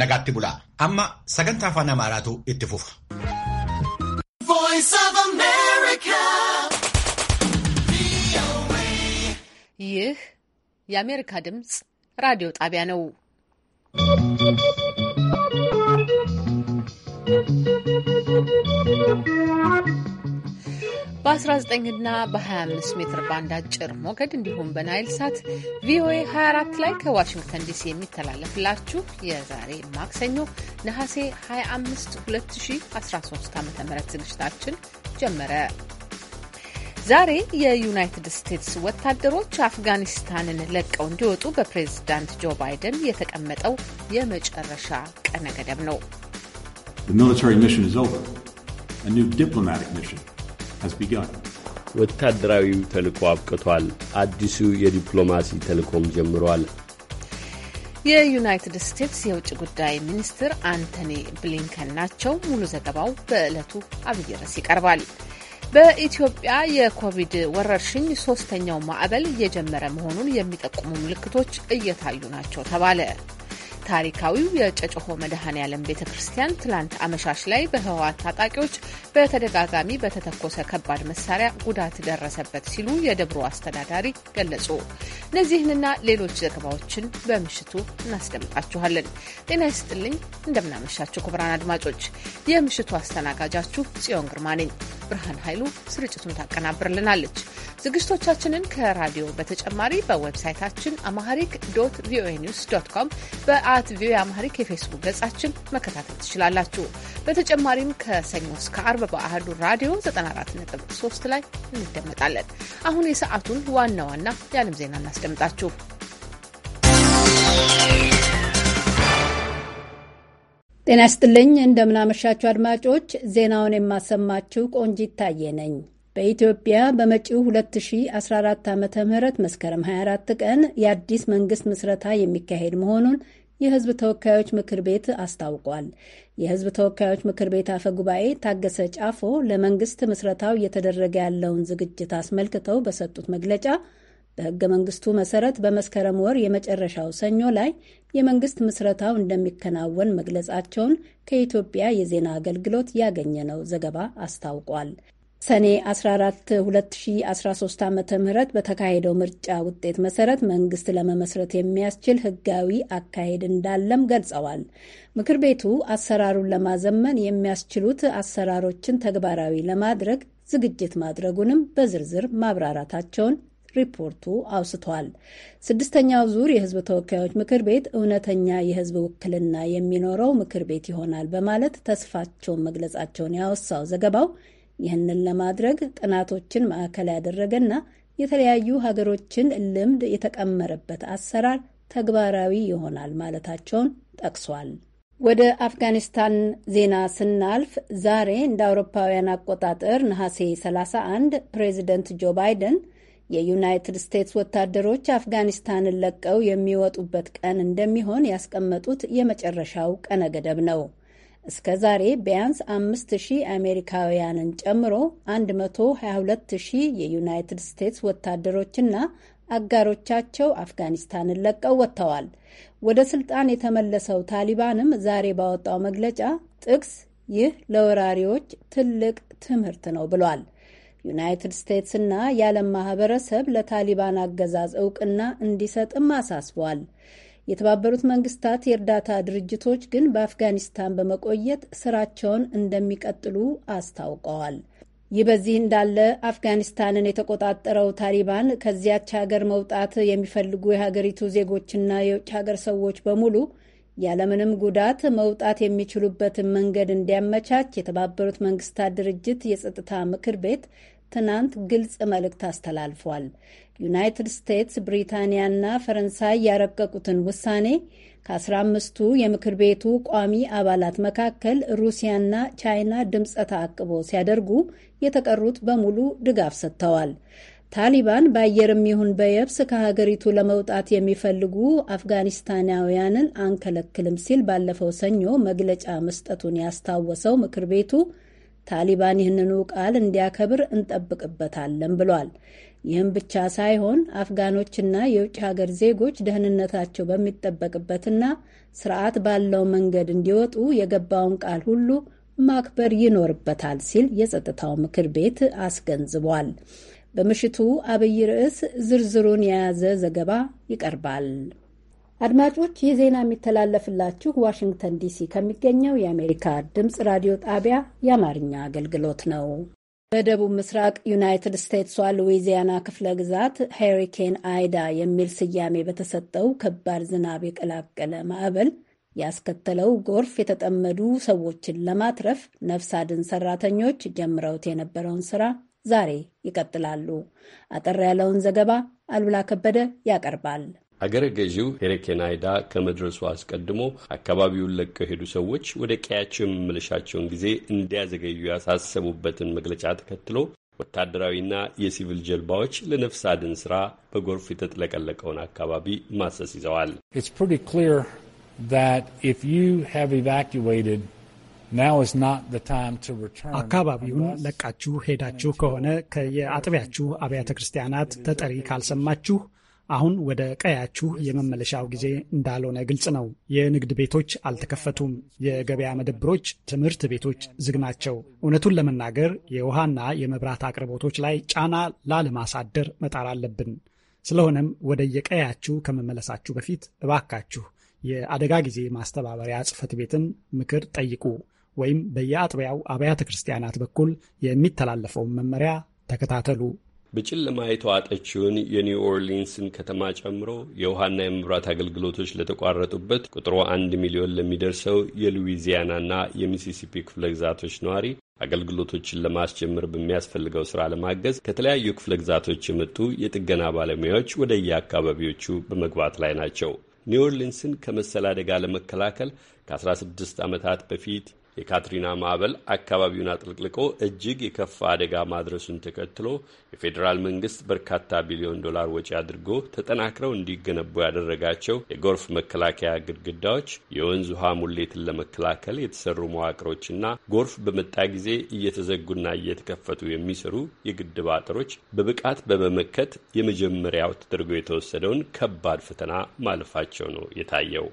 nagaatti bulaa amma sagantaa afaan amaaraatu itti fufa. ይህ የአሜሪካ ድምፅ raadiyoo xaabiyaa ነው። ¶¶ በ 19 እና በ25 ሜትር ባንድ አጭር ሞገድ እንዲሁም በናይል ሳት ቪኦኤ 24 ላይ ከዋሽንግተን ዲሲ የሚተላለፍላችሁ የዛሬ ማክሰኞ ነሐሴ 25 2013 ዓ ም ዝግጅታችን ጀመረ። ዛሬ የዩናይትድ ስቴትስ ወታደሮች አፍጋኒስታንን ለቀው እንዲወጡ በፕሬዝዳንት ጆ ባይደን የተቀመጠው የመጨረሻ ቀነ ገደብ ነው። ወታደራዊው ተልዕኮ አብቅቷል። አዲሱ የዲፕሎማሲ ተልዕኮም ጀምሯል። የዩናይትድ ስቴትስ የውጭ ጉዳይ ሚኒስትር አንቶኒ ብሊንከን ናቸው። ሙሉ ዘገባው በዕለቱ አብይ ርዕስ ይቀርባል። በኢትዮጵያ የኮቪድ ወረርሽኝ ሶስተኛው ማዕበል እየጀመረ መሆኑን የሚጠቁሙ ምልክቶች እየታዩ ናቸው ተባለ። ታሪካዊው የጨጨሆ መድኃኔ ዓለም ቤተ ክርስቲያን ትላንት አመሻሽ ላይ በህወሓት ታጣቂዎች በተደጋጋሚ በተተኮሰ ከባድ መሳሪያ ጉዳት ደረሰበት ሲሉ የደብሮ አስተዳዳሪ ገለጹ። እነዚህንና ሌሎች ዘገባዎችን በምሽቱ እናስደምጣችኋለን። ጤና ይስጥልኝ፣ እንደምናመሻችሁ ክቡራን አድማጮች፣ የምሽቱ አስተናጋጃችሁ ጽዮን ግርማ ነኝ። ብርሃን ኃይሉ ስርጭቱን ታቀናብርልናለች። ዝግጅቶቻችንን ከራዲዮ በተጨማሪ በዌብሳይታችን አማሪክ ዶት ቪኦኤ ኒውስ ዶት ኮም፣ በአት ቪኦኤ አማሪክ የፌስቡክ ገጻችን መከታተል ትችላላችሁ። በተጨማሪም ከሰኞ እስከ አርብ በአህዱ ራዲዮ 94.3 ላይ እንደመጣለን። አሁን የሰዓቱን ዋና ዋና የዓለም ዜና እናስደምጣችሁ። ጤና ይስጥልኝ እንደምናመሻችሁ አድማጮች፣ ዜናውን የማሰማችው ቆንጂ ይታየ ነኝ። በኢትዮጵያ በመጪው 2014 ዓ ም መስከረም 24 ቀን የአዲስ መንግስት ምስረታ የሚካሄድ መሆኑን የህዝብ ተወካዮች ምክር ቤት አስታውቋል። የህዝብ ተወካዮች ምክር ቤት አፈ ጉባኤ ታገሰ ጫፎ ለመንግስት ምስረታው እየተደረገ ያለውን ዝግጅት አስመልክተው በሰጡት መግለጫ በህገ መንግስቱ መሰረት በመስከረም ወር የመጨረሻው ሰኞ ላይ የመንግስት ምስረታው እንደሚከናወን መግለጻቸውን ከኢትዮጵያ የዜና አገልግሎት ያገኘነው ዘገባ አስታውቋል። ሰኔ 14 2013 ዓ ም በተካሄደው ምርጫ ውጤት መሰረት መንግስት ለመመስረት የሚያስችል ህጋዊ አካሄድ እንዳለም ገልጸዋል። ምክር ቤቱ አሰራሩን ለማዘመን የሚያስችሉት አሰራሮችን ተግባራዊ ለማድረግ ዝግጅት ማድረጉንም በዝርዝር ማብራራታቸውን ሪፖርቱ አውስቷል። ስድስተኛው ዙር የህዝብ ተወካዮች ምክር ቤት እውነተኛ የህዝብ ውክልና የሚኖረው ምክር ቤት ይሆናል በማለት ተስፋቸውን መግለጻቸውን ያወሳው ዘገባው ይህንን ለማድረግ ጥናቶችን ማዕከል ያደረገና የተለያዩ ሀገሮችን ልምድ የተቀመረበት አሰራር ተግባራዊ ይሆናል ማለታቸውን ጠቅሷል። ወደ አፍጋኒስታን ዜና ስናልፍ ዛሬ እንደ አውሮፓውያን አቆጣጠር ነሐሴ 31 ፕሬዚደንት ጆ ባይደን የዩናይትድ ስቴትስ ወታደሮች አፍጋኒስታንን ለቀው የሚወጡበት ቀን እንደሚሆን ያስቀመጡት የመጨረሻው ቀነ ገደብ ነው። እስከ ዛሬ ቢያንስ 5000 አሜሪካውያንን ጨምሮ 122000 የዩናይትድ ስቴትስ ወታደሮችና አጋሮቻቸው አፍጋኒስታንን ለቀው ወጥተዋል። ወደ ስልጣን የተመለሰው ታሊባንም ዛሬ ባወጣው መግለጫ ጥቅስ ይህ ለወራሪዎች ትልቅ ትምህርት ነው ብሏል። ዩናይትድ ስቴትስና የዓለም ማህበረሰብ ለታሊባን አገዛዝ እውቅና እንዲሰጥም አሳስቧል። የተባበሩት መንግስታት የእርዳታ ድርጅቶች ግን በአፍጋኒስታን በመቆየት ስራቸውን እንደሚቀጥሉ አስታውቀዋል። ይህ በዚህ እንዳለ አፍጋኒስታንን የተቆጣጠረው ታሊባን ከዚያች ሀገር መውጣት የሚፈልጉ የሀገሪቱ ዜጎችና የውጭ ሀገር ሰዎች በሙሉ ያለምንም ጉዳት መውጣት የሚችሉበትን መንገድ እንዲያመቻች የተባበሩት መንግስታት ድርጅት የጸጥታ ምክር ቤት ትናንት ግልጽ መልእክት አስተላልፏል። ዩናይትድ ስቴትስ፣ ብሪታንያና ፈረንሳይ ያረቀቁትን ውሳኔ ከአስራ አምስቱ የምክር ቤቱ ቋሚ አባላት መካከል ሩሲያና ቻይና ድምፀ ተአቅቦ ሲያደርጉ የተቀሩት በሙሉ ድጋፍ ሰጥተዋል። ታሊባን በአየርም ይሁን በየብስ ከሀገሪቱ ለመውጣት የሚፈልጉ አፍጋኒስታናውያንን አንከለክልም ሲል ባለፈው ሰኞ መግለጫ መስጠቱን ያስታወሰው ምክር ቤቱ ታሊባን ይህንኑ ቃል እንዲያከብር እንጠብቅበታለን ብሏል። ይህም ብቻ ሳይሆን አፍጋኖችና የውጭ ሀገር ዜጎች ደህንነታቸው በሚጠበቅበትና ስርዓት ባለው መንገድ እንዲወጡ የገባውን ቃል ሁሉ ማክበር ይኖርበታል ሲል የጸጥታው ምክር ቤት አስገንዝቧል። በምሽቱ አብይ ርዕስ ዝርዝሩን የያዘ ዘገባ ይቀርባል። አድማጮች ይህ ዜና የሚተላለፍላችሁ ዋሽንግተን ዲሲ ከሚገኘው የአሜሪካ ድምፅ ራዲዮ ጣቢያ የአማርኛ አገልግሎት ነው። በደቡብ ምስራቅ ዩናይትድ ስቴትሷ ሉዊዚያና ክፍለ ግዛት ሄሪኬን አይዳ የሚል ስያሜ በተሰጠው ከባድ ዝናብ የቀላቀለ ማዕበል ያስከተለው ጎርፍ የተጠመዱ ሰዎችን ለማትረፍ ነፍስ አድን ሰራተኞች ጀምረውት የነበረውን ስራ ዛሬ ይቀጥላሉ። አጠር ያለውን ዘገባ አሉላ ከበደ ያቀርባል። አገረ ገዢው ሄሬኬናይዳ ከመድረሱ አስቀድሞ አካባቢውን ለቀው የሄዱ ሰዎች ወደ ቀያቸው የመመለሻቸውን ጊዜ እንዲያዘገዩ ያሳሰቡበትን መግለጫ ተከትሎ ወታደራዊና የሲቪል ጀልባዎች ለነፍስ አድን ስራ በጎርፍ የተጥለቀለቀውን አካባቢ ማሰስ ይዘዋል። አካባቢውን ለቃችሁ ሄዳችሁ ከሆነ ከየአጥቢያችሁ አብያተ ክርስቲያናት ተጠሪ ካልሰማችሁ አሁን ወደ ቀያችሁ የመመለሻው ጊዜ እንዳልሆነ ግልጽ ነው። የንግድ ቤቶች አልተከፈቱም። የገበያ መደብሮች፣ ትምህርት ቤቶች ዝግ ናቸው። እውነቱን ለመናገር የውሃና የመብራት አቅርቦቶች ላይ ጫና ላለማሳደር መጣር አለብን። ስለሆነም ወደ የቀያችሁ ከመመለሳችሁ በፊት እባካችሁ የአደጋ ጊዜ ማስተባበሪያ ጽህፈት ቤትን ምክር ጠይቁ። ወይም በየአጥቢያው አብያተ ክርስቲያናት በኩል የሚተላለፈውን መመሪያ ተከታተሉ። በጨለማ የተዋጠችውን የኒው ኦርሊንስን ከተማ ጨምሮ የውሃና የመብራት አገልግሎቶች ለተቋረጡበት ቁጥሩ አንድ ሚሊዮን ለሚደርሰው የሉዊዚያናና የሚሲሲፒ ክፍለ ግዛቶች ነዋሪ አገልግሎቶችን ለማስጀመር በሚያስፈልገው ስራ ለማገዝ ከተለያዩ ክፍለ ግዛቶች የመጡ የጥገና ባለሙያዎች ወደ የአካባቢዎቹ በመግባት ላይ ናቸው። ኒው ኦርሊንስን ከመሰል አደጋ ለመከላከል ከ16 ዓመታት በፊት የካትሪና ማዕበል አካባቢውን አጥልቅልቆ እጅግ የከፋ አደጋ ማድረሱን ተከትሎ የፌዴራል መንግስት በርካታ ቢሊዮን ዶላር ወጪ አድርጎ ተጠናክረው እንዲገነቡ ያደረጋቸው የጎርፍ መከላከያ ግድግዳዎች፣ የወንዝ ውሃ ሙሌትን ለመከላከል የተሰሩ መዋቅሮችና ጎርፍ በመጣ ጊዜ እየተዘጉና እየተከፈቱ የሚሰሩ የግድብ አጥሮች በብቃት በመመከት የመጀመሪያው ተደርጎ የተወሰደውን ከባድ ፈተና ማለፋቸው ነው የታየው።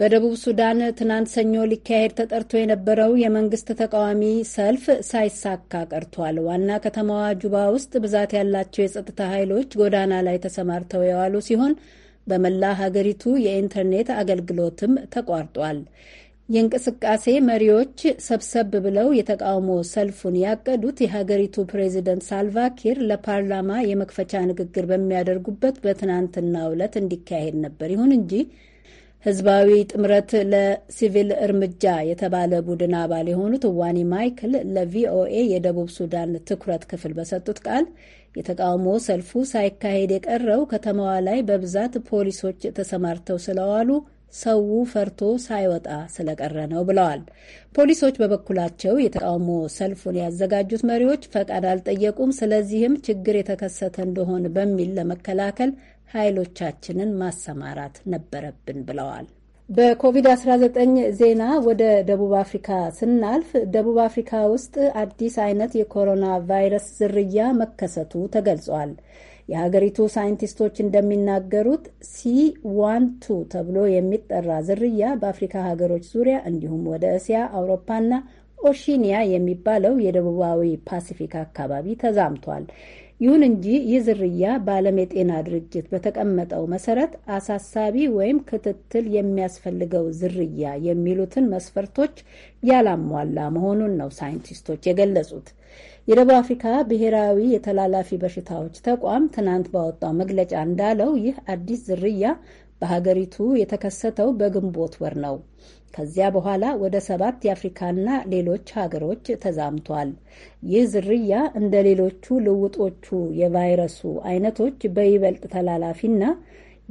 በደቡብ ሱዳን ትናንት ሰኞ ሊካሄድ ተጠርቶ የነበረው የመንግስት ተቃዋሚ ሰልፍ ሳይሳካ ቀርቷል። ዋና ከተማዋ ጁባ ውስጥ ብዛት ያላቸው የጸጥታ ኃይሎች ጎዳና ላይ ተሰማርተው የዋሉ ሲሆን በመላ ሀገሪቱ የኢንተርኔት አገልግሎትም ተቋርጧል። የእንቅስቃሴ መሪዎች ሰብሰብ ብለው የተቃውሞ ሰልፉን ያቀዱት የሀገሪቱ ፕሬዚደንት ሳልቫኪር ለፓርላማ የመክፈቻ ንግግር በሚያደርጉበት በትናንትናው ዕለት እንዲካሄድ ነበር። ይሁን እንጂ ህዝባዊ ጥምረት ለሲቪል እርምጃ የተባለ ቡድን አባል የሆኑት ዋኒ ማይክል ለቪኦኤ የደቡብ ሱዳን ትኩረት ክፍል በሰጡት ቃል የተቃውሞ ሰልፉ ሳይካሄድ የቀረው ከተማዋ ላይ በብዛት ፖሊሶች ተሰማርተው ስለዋሉ ሰው ፈርቶ ሳይወጣ ስለቀረ ነው ብለዋል። ፖሊሶች በበኩላቸው የተቃውሞ ሰልፉን ያዘጋጁት መሪዎች ፈቃድ አልጠየቁም፣ ስለዚህም ችግር የተከሰተ እንደሆን በሚል ለመከላከል ኃይሎቻችንን ማሰማራት ነበረብን ብለዋል። በኮቪድ-19 ዜና ወደ ደቡብ አፍሪካ ስናልፍ ደቡብ አፍሪካ ውስጥ አዲስ አይነት የኮሮና ቫይረስ ዝርያ መከሰቱ ተገልጿል። የሀገሪቱ ሳይንቲስቶች እንደሚናገሩት ሲ ዋን ቱ ተብሎ የሚጠራ ዝርያ በአፍሪካ ሀገሮች ዙሪያ እንዲሁም ወደ እስያ፣ አውሮፓና ኦሺኒያ የሚባለው የደቡባዊ ፓሲፊክ አካባቢ ተዛምቷል። ይሁን እንጂ ይህ ዝርያ በዓለም የጤና ድርጅት በተቀመጠው መሰረት አሳሳቢ ወይም ክትትል የሚያስፈልገው ዝርያ የሚሉትን መስፈርቶች ያላሟላ መሆኑን ነው ሳይንቲስቶች የገለጹት። የደቡብ አፍሪካ ብሔራዊ የተላላፊ በሽታዎች ተቋም ትናንት ባወጣው መግለጫ እንዳለው ይህ አዲስ ዝርያ በሀገሪቱ የተከሰተው በግንቦት ወር ነው። ከዚያ በኋላ ወደ ሰባት የአፍሪካና ሌሎች ሀገሮች ተዛምቷል። ይህ ዝርያ እንደ ሌሎቹ ልውጦቹ የቫይረሱ አይነቶች በይበልጥ ተላላፊና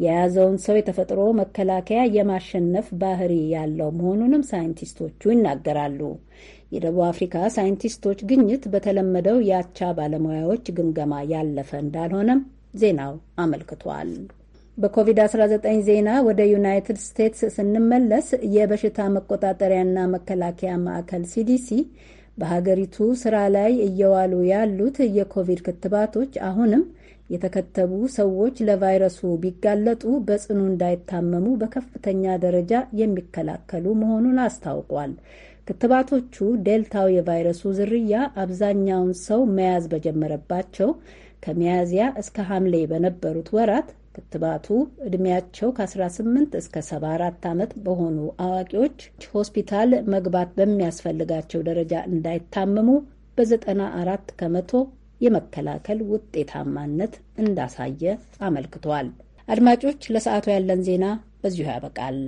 የያዘውን ሰው የተፈጥሮ መከላከያ የማሸነፍ ባህሪ ያለው መሆኑንም ሳይንቲስቶቹ ይናገራሉ። የደቡብ አፍሪካ ሳይንቲስቶች ግኝት በተለመደው የአቻ ባለሙያዎች ግምገማ ያለፈ እንዳልሆነም ዜናው አመልክቷል። በኮቪድ-19 ዜና ወደ ዩናይትድ ስቴትስ ስንመለስ የበሽታ መቆጣጠሪያና መከላከያ ማዕከል ሲዲሲ በሀገሪቱ ስራ ላይ እየዋሉ ያሉት የኮቪድ ክትባቶች አሁንም የተከተቡ ሰዎች ለቫይረሱ ቢጋለጡ በጽኑ እንዳይታመሙ በከፍተኛ ደረጃ የሚከላከሉ መሆኑን አስታውቋል። ክትባቶቹ ዴልታው የቫይረሱ ዝርያ አብዛኛውን ሰው መያዝ በጀመረባቸው ከሚያዝያ እስከ ሐምሌ በነበሩት ወራት ክትባቱ ዕድሜያቸው ከ18 እስከ 74 ዓመት በሆኑ አዋቂዎች ሆስፒታል መግባት በሚያስፈልጋቸው ደረጃ እንዳይታመሙ በ94 ከመቶ የመከላከል ውጤታማነት እንዳሳየ አመልክቷል። አድማጮች፣ ለሰዓቱ ያለን ዜና በዚሁ ያበቃል።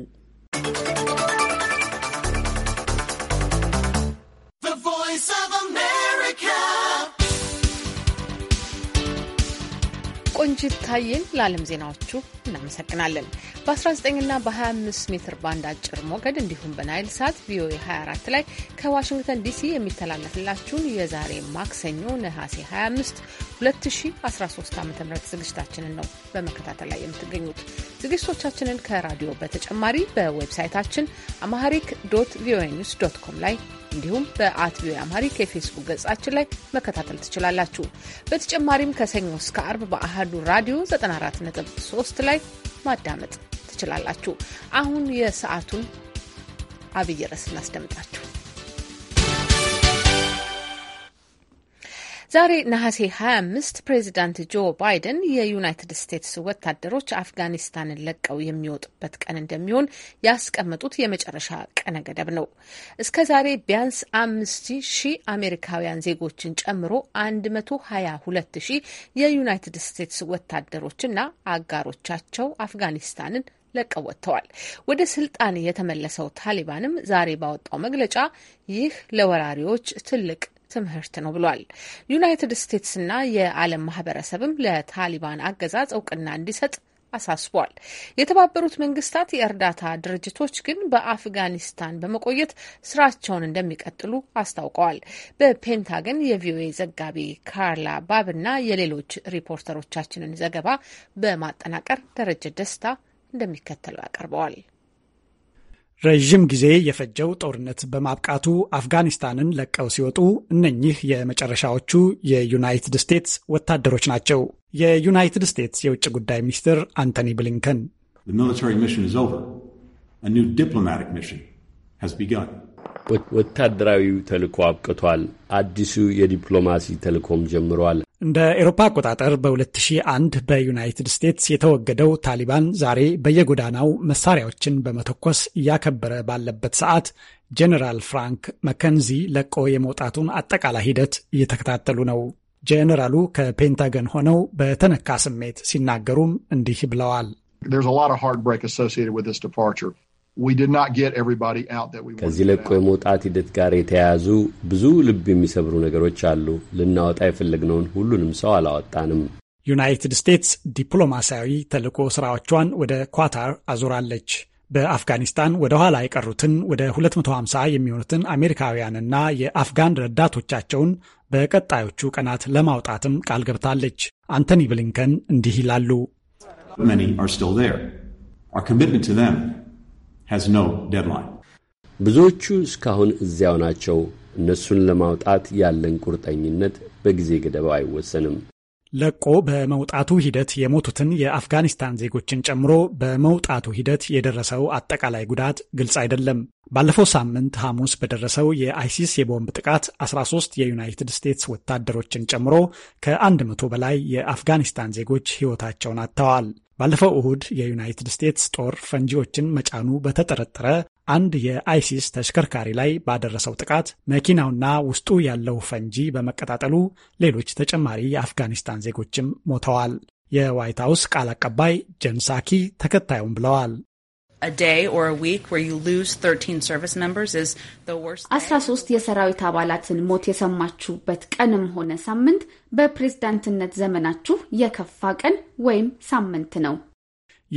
ቆንጂት ታየን ለዓለም ዜናዎቹ እናመሰግናለን። በ19ና በ25 ሜትር ባንድ አጭር ሞገድ እንዲሁም በናይል ሳት ቪኦኤ 24 ላይ ከዋሽንግተን ዲሲ የሚተላለፍላችሁን የዛሬ ማክሰኞ ነሐሴ 25 2013 ዓ ም ዝግጅታችንን ነው በመከታተል ላይ የምትገኙት። ዝግጅቶቻችንን ከራዲዮ በተጨማሪ በዌብሳይታችን አማሃሪክ ዶት ቪኦኤ ኒውስ ዶት ኮም ላይ እንዲሁም በአትቪ አማሪክ የፌስቡክ ገጻችን ላይ መከታተል ትችላላችሁ። በተጨማሪም ከሰኞ እስከ አርብ በአህዱ ራዲዮ 94.3 ላይ ማዳመጥ ትችላላችሁ። አሁን የሰዓቱን አብይ ርዕስ እናስደምጣችሁ። ዛሬ ነሐሴ 25 ፕሬዚዳንት ጆ ባይደን የዩናይትድ ስቴትስ ወታደሮች አፍጋኒስታንን ለቀው የሚወጡበት ቀን እንደሚሆን ያስቀመጡት የመጨረሻ ቀነ ገደብ ነው። እስከ ዛሬ ቢያንስ 5ሺህ አሜሪካውያን ዜጎችን ጨምሮ 122 ሺህ የዩናይትድ ስቴትስ ወታደሮችና አጋሮቻቸው አፍጋኒስታንን ለቀው ወጥተዋል። ወደ ስልጣን የተመለሰው ታሊባንም ዛሬ ባወጣው መግለጫ ይህ ለወራሪዎች ትልቅ ትምህርት ነው ብሏል። ዩናይትድ ስቴትስና የዓለም ማህበረሰብም ለታሊባን አገዛዝ እውቅና እንዲሰጥ አሳስቧል። የተባበሩት መንግስታት የእርዳታ ድርጅቶች ግን በአፍጋኒስታን በመቆየት ስራቸውን እንደሚቀጥሉ አስታውቀዋል። በፔንታገን የቪኦኤ ዘጋቢ ካርላ ባብና የሌሎች ሪፖርተሮቻችንን ዘገባ በማጠናቀር ደረጀ ደስታ እንደሚከተለው ያቀርበዋል። ረዥም ጊዜ የፈጀው ጦርነት በማብቃቱ አፍጋኒስታንን ለቀው ሲወጡ እነኚህ የመጨረሻዎቹ የዩናይትድ ስቴትስ ወታደሮች ናቸው። የዩናይትድ ስቴትስ የውጭ ጉዳይ ሚኒስትር አንቶኒ ብሊንከን ወታደራዊው ተልእኮ አብቅቷል፣ አዲሱ የዲፕሎማሲ ተልእኮም ጀምሯል። እንደ ኤሮፓ አቆጣጠር በ2001 በዩናይትድ ስቴትስ የተወገደው ታሊባን ዛሬ በየጎዳናው መሳሪያዎችን በመተኮስ እያከበረ ባለበት ሰዓት ጄኔራል ፍራንክ መከንዚ ለቆ የመውጣቱን አጠቃላይ ሂደት እየተከታተሉ ነው። ጄኔራሉ ከፔንታገን ሆነው በተነካ ስሜት ሲናገሩም እንዲህ ብለዋል። There's a lot of heartbreak associated with this departure. ከዚህ ለቆ የመውጣት ሂደት ጋር የተያያዙ ብዙ ልብ የሚሰብሩ ነገሮች አሉ። ልናወጣ የፈለግነውን ሁሉንም ሰው አላወጣንም። ዩናይትድ ስቴትስ ዲፕሎማሲያዊ ተልዕኮ ስራዎቿን ወደ ኳታር አዙራለች። በአፍጋኒስታን ወደ ኋላ የቀሩትን ወደ 250 የሚሆኑትን አሜሪካውያንና የአፍጋን ረዳቶቻቸውን በቀጣዮቹ ቀናት ለማውጣትም ቃል ገብታለች። አንቶኒ ብሊንከን እንዲህ ይላሉ። has no deadline. ብዙዎቹ እስካሁን እዚያው ናቸው። እነሱን ለማውጣት ያለን ቁርጠኝነት በጊዜ ገደባ አይወሰንም። ለቆ በመውጣቱ ሂደት የሞቱትን የአፍጋኒስታን ዜጎችን ጨምሮ በመውጣቱ ሂደት የደረሰው አጠቃላይ ጉዳት ግልጽ አይደለም። ባለፈው ሳምንት ሐሙስ በደረሰው የአይሲስ የቦምብ ጥቃት 13 የዩናይትድ ስቴትስ ወታደሮችን ጨምሮ ከአንድ መቶ በላይ የአፍጋኒስታን ዜጎች ሕይወታቸውን አጥተዋል። ባለፈው እሁድ የዩናይትድ ስቴትስ ጦር ፈንጂዎችን መጫኑ በተጠረጠረ አንድ የአይሲስ ተሽከርካሪ ላይ ባደረሰው ጥቃት መኪናውና ውስጡ ያለው ፈንጂ በመቀጣጠሉ ሌሎች ተጨማሪ የአፍጋኒስታን ዜጎችም ሞተዋል። የዋይት ሀውስ ቃል አቀባይ ጀንሳኪ ተከታዩም ብለዋል። አስራ ሶስት የሰራዊት አባላትን ሞት የሰማችሁበት ቀንም ሆነ ሳምንት በፕሬዝዳንትነት ዘመናችሁ የከፋ ቀን ወይም ሳምንት ነው።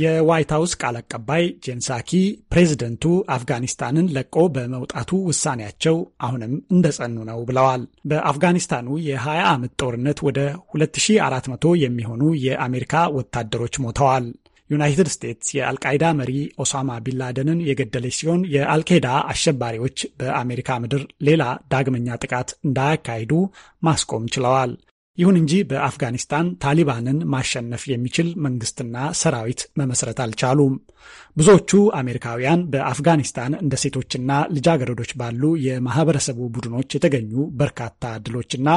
የዋይት ሀውስ ቃል አቀባይ ጄንሳኪ ፕሬዝደንቱ አፍጋኒስታንን ለቆ በመውጣቱ ውሳኔያቸው አሁንም እንደጸኑ ነው ብለዋል። በአፍጋኒስታኑ የ20 ዓመት ጦርነት ወደ 2400 የሚሆኑ የአሜሪካ ወታደሮች ሞተዋል። ዩናይትድ ስቴትስ የአልቃይዳ መሪ ኦሳማ ቢንላደንን የገደለች ሲሆን የአልኬዳ አሸባሪዎች በአሜሪካ ምድር ሌላ ዳግመኛ ጥቃት እንዳያካሂዱ ማስቆም ችለዋል። ይሁን እንጂ በአፍጋኒስታን ታሊባንን ማሸነፍ የሚችል መንግስትና ሰራዊት መመስረት አልቻሉም። ብዙዎቹ አሜሪካውያን በአፍጋኒስታን እንደ ሴቶችና ልጃገረዶች ባሉ የማህበረሰቡ ቡድኖች የተገኙ በርካታ ድሎችና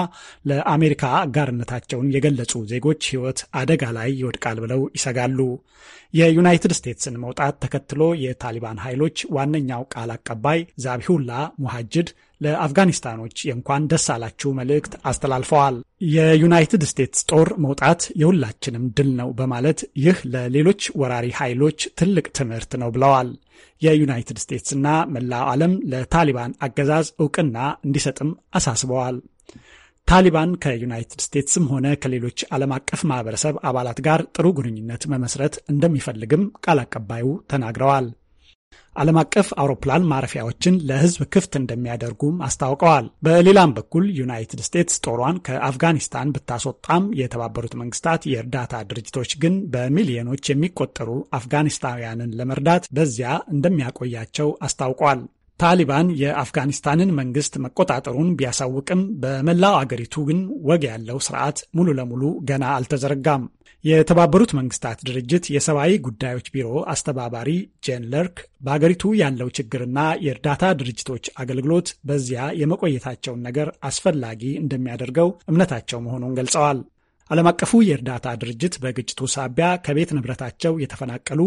ለአሜሪካ አጋርነታቸውን የገለጹ ዜጎች ሕይወት አደጋ ላይ ይወድቃል ብለው ይሰጋሉ። የዩናይትድ ስቴትስን መውጣት ተከትሎ የታሊባን ኃይሎች ዋነኛው ቃል አቀባይ ዛቢሁላ ሙሃጅድ ለአፍጋኒስታኖች የእንኳን ደስ አላችሁ መልእክት አስተላልፈዋል። የዩናይትድ ስቴትስ ጦር መውጣት የሁላችንም ድል ነው በማለት ይህ ለሌሎች ወራሪ ኃይሎች ትልቅ ትምህርት ነው ብለዋል። የዩናይትድ ስቴትስና መላው ዓለም ለታሊባን አገዛዝ እውቅና እንዲሰጥም አሳስበዋል። ታሊባን ከዩናይትድ ስቴትስም ሆነ ከሌሎች ዓለም አቀፍ ማህበረሰብ አባላት ጋር ጥሩ ግንኙነት መመስረት እንደሚፈልግም ቃል አቀባዩ ተናግረዋል። ዓለም አቀፍ አውሮፕላን ማረፊያዎችን ለሕዝብ ክፍት እንደሚያደርጉም አስታውቀዋል። በሌላም በኩል ዩናይትድ ስቴትስ ጦሯን ከአፍጋኒስታን ብታስወጣም የተባበሩት መንግስታት የእርዳታ ድርጅቶች ግን በሚሊዮኖች የሚቆጠሩ አፍጋኒስታውያንን ለመርዳት በዚያ እንደሚያቆያቸው አስታውቋል። ታሊባን የአፍጋኒስታንን መንግስት መቆጣጠሩን ቢያሳውቅም በመላው አገሪቱ ግን ወግ ያለው ስርዓት ሙሉ ለሙሉ ገና አልተዘረጋም። የተባበሩት መንግስታት ድርጅት የሰብአዊ ጉዳዮች ቢሮ አስተባባሪ ጄን ለርክ በአገሪቱ ያለው ችግርና የእርዳታ ድርጅቶች አገልግሎት በዚያ የመቆየታቸውን ነገር አስፈላጊ እንደሚያደርገው እምነታቸው መሆኑን ገልጸዋል። ዓለም አቀፉ የእርዳታ ድርጅት በግጭቱ ሳቢያ ከቤት ንብረታቸው የተፈናቀሉ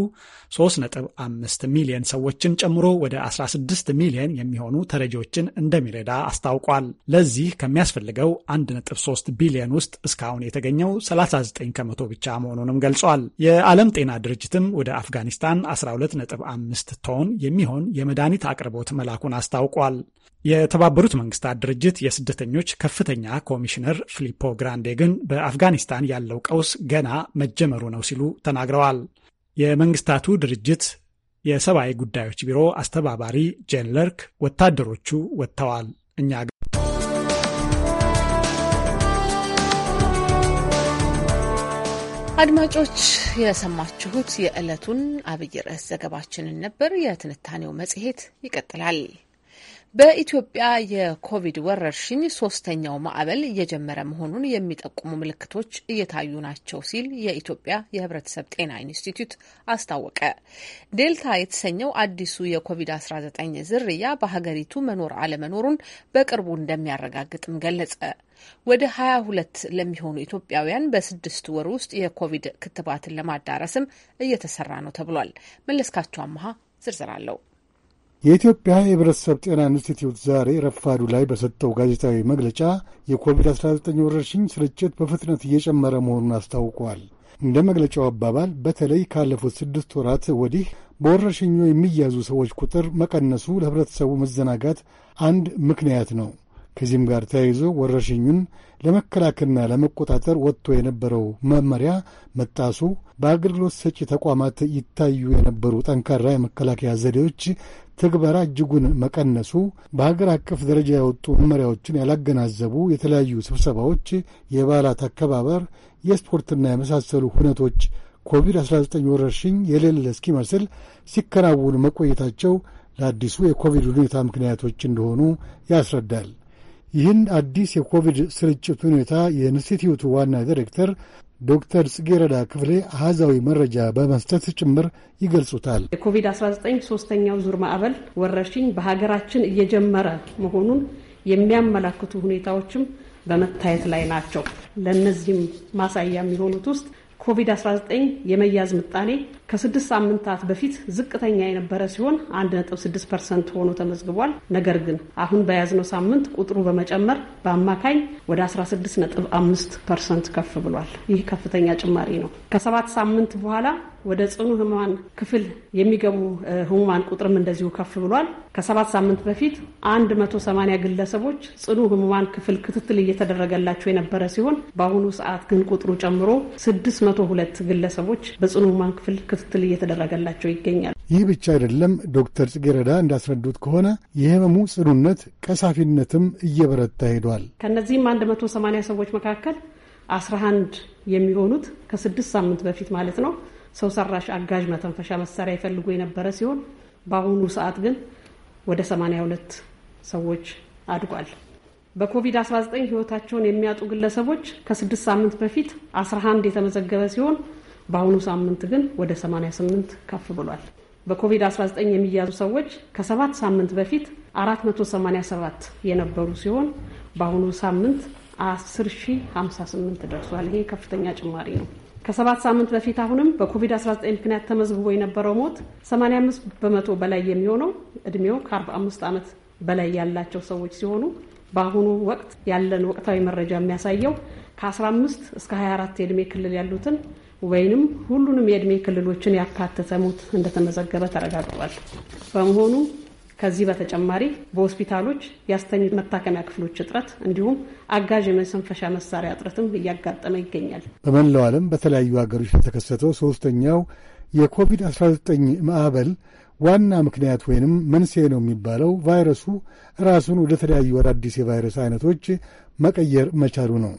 3.5 ሚሊዮን ሰዎችን ጨምሮ ወደ 16 ሚሊዮን የሚሆኑ ተረጂዎችን እንደሚረዳ አስታውቋል። ለዚህ ከሚያስፈልገው 1.3 ቢሊዮን ውስጥ እስካሁን የተገኘው 39 ከመቶ ብቻ መሆኑንም ገልጿል። የዓለም ጤና ድርጅትም ወደ አፍጋኒስታን 12.5 ቶን የሚሆን የመድኃኒት አቅርቦት መላኩን አስታውቋል። የተባበሩት መንግስታት ድርጅት የስደተኞች ከፍተኛ ኮሚሽነር ፊሊፖ ግራንዴ ግን በአፍጋኒስታን ያለው ቀውስ ገና መጀመሩ ነው ሲሉ ተናግረዋል። የመንግስታቱ ድርጅት የሰብአዊ ጉዳዮች ቢሮ አስተባባሪ ጄን ለርክ ወታደሮቹ ወጥተዋል፣ እኛ አድማጮች የሰማችሁት የዕለቱን አብይ ርዕስ ዘገባችንን ነበር። የትንታኔው መጽሔት ይቀጥላል። በኢትዮጵያ የኮቪድ ወረርሽኝ ሶስተኛው ማዕበል እየጀመረ መሆኑን የሚጠቁሙ ምልክቶች እየታዩ ናቸው ሲል የኢትዮጵያ የሕብረተሰብ ጤና ኢንስቲትዩት አስታወቀ። ዴልታ የተሰኘው አዲሱ የኮቪድ-19 ዝርያ በሀገሪቱ መኖር አለመኖሩን በቅርቡ እንደሚያረጋግጥም ገለጸ። ወደ 22 ለሚሆኑ ኢትዮጵያውያን በስድስት ወር ውስጥ የኮቪድ ክትባትን ለማዳረስም እየተሰራ ነው ተብሏል። መለስካቸው አመሃ ዝርዝር አለው። የኢትዮጵያ የህብረተሰብ ጤና ኢንስቲትዩት ዛሬ ረፋዱ ላይ በሰጠው ጋዜጣዊ መግለጫ የኮቪድ-19 ወረርሽኝ ስርጭት በፍጥነት እየጨመረ መሆኑን አስታውቋል። እንደ መግለጫው አባባል በተለይ ካለፉት ስድስት ወራት ወዲህ በወረርሽኙ የሚያዙ ሰዎች ቁጥር መቀነሱ ለህብረተሰቡ መዘናጋት አንድ ምክንያት ነው። ከዚህም ጋር ተያይዞ ወረርሽኙን ለመከላከልና ለመቆጣጠር ወጥቶ የነበረው መመሪያ መጣሱ፣ በአገልግሎት ሰጪ ተቋማት ይታዩ የነበሩ ጠንካራ የመከላከያ ዘዴዎች ትግበራ እጅጉን መቀነሱ በሀገር አቀፍ ደረጃ የወጡ መመሪያዎችን ያላገናዘቡ የተለያዩ ስብሰባዎች፣ የበዓላት አከባበር፣ የስፖርትና የመሳሰሉ ሁነቶች ኮቪድ-19 ወረርሽኝ የሌለ እስኪመስል ሲከናወኑ መቆየታቸው ለአዲሱ የኮቪድ ሁኔታ ምክንያቶች እንደሆኑ ያስረዳል። ይህን አዲስ የኮቪድ ስርጭት ሁኔታ የኢንስቲትዩቱ ዋና ዲሬክተር ዶክተር ጽጌረዳ ክፍሌ አሃዛዊ መረጃ በመስጠት ጭምር ይገልጹታል። የኮቪድ-19 ሶስተኛው ዙር ማዕበል ወረርሽኝ በሀገራችን እየጀመረ መሆኑን የሚያመላክቱ ሁኔታዎችም በመታየት ላይ ናቸው። ለእነዚህም ማሳያ የሚሆኑት ውስጥ ኮቪድ-19 የመያዝ ምጣኔ ከስድስት ሳምንታት በፊት ዝቅተኛ የነበረ ሲሆን 1.6 ፐርሰንት ሆኖ ተመዝግቧል። ነገር ግን አሁን በያዝነው ሳምንት ቁጥሩ በመጨመር በአማካኝ ወደ 16.5 ፐርሰንት ከፍ ብሏል። ይህ ከፍተኛ ጭማሪ ነው። ከሰባት ሳምንት በኋላ ወደ ጽኑ ህሙማን ክፍል የሚገቡ ህሙማን ቁጥርም እንደዚሁ ከፍ ብሏል። ከሰባት ሳምንት በፊት አንድ መቶ ግለሰቦች ጽኑ ህሙማን ክፍል ክትትል እየተደረገላቸው የነበረ ሲሆን በአሁኑ ሰዓት ግን ቁጥሩ ጨምሮ ስድስት መቶ ሁለት ግለሰቦች በጽኑ ህሙማን ክፍል ክትትል እየተደረገላቸው ይገኛል። ይህ ብቻ አይደለም። ዶክተር ጽጌረዳ እንዳስረዱት ከሆነ የህመሙ ጽኑነት ቀሳፊነትም እየበረታ ሄዷል። ከእነዚህም አንድ መቶ ሰዎች መካከል 11 የሚሆኑት ከስድስት ሳምንት በፊት ማለት ነው ሰው ሰራሽ አጋዥ መተንፈሻ መሳሪያ ይፈልጉ የነበረ ሲሆን በአሁኑ ሰዓት ግን ወደ 82 ሰዎች አድጓል። በኮቪድ-19 ህይወታቸውን የሚያጡ ግለሰቦች ከስድስት ሳምንት በፊት 11 የተመዘገበ ሲሆን በአሁኑ ሳምንት ግን ወደ 88 ከፍ ብሏል። በኮቪድ-19 የሚያዙ ሰዎች ከሰባት ሳምንት በፊት 487 የነበሩ ሲሆን በአሁኑ ሳምንት 10,058 ደርሷል። ይሄ ከፍተኛ ጭማሪ ነው። ከሰባት ሳምንት በፊት አሁንም በኮቪድ-19 ምክንያት ተመዝግቦ የነበረው ሞት 85 በመቶ በላይ የሚሆነው እድሜው ከ45 ዓመት በላይ ያላቸው ሰዎች ሲሆኑ በአሁኑ ወቅት ያለን ወቅታዊ መረጃ የሚያሳየው ከ15 እስከ 24 የእድሜ ክልል ያሉትን ወይንም ሁሉንም የእድሜ ክልሎችን ያካተተ ሞት እንደተመዘገበ ተረጋግጧል። በመሆኑ ከዚህ በተጨማሪ በሆስፒታሎች የአስተኝ መታከሚያ ክፍሎች እጥረት እንዲሁም አጋዥ የመሰንፈሻ መሳሪያ እጥረትም እያጋጠመ ይገኛል። በመላው ዓለም በተለያዩ ሀገሮች ለተከሰተው ሶስተኛው የኮቪድ-19 ማዕበል ዋና ምክንያት ወይንም መንስኤ ነው የሚባለው ቫይረሱ ራሱን ወደ ተለያዩ አዳዲስ የቫይረስ አይነቶች መቀየር መቻሉ ነው።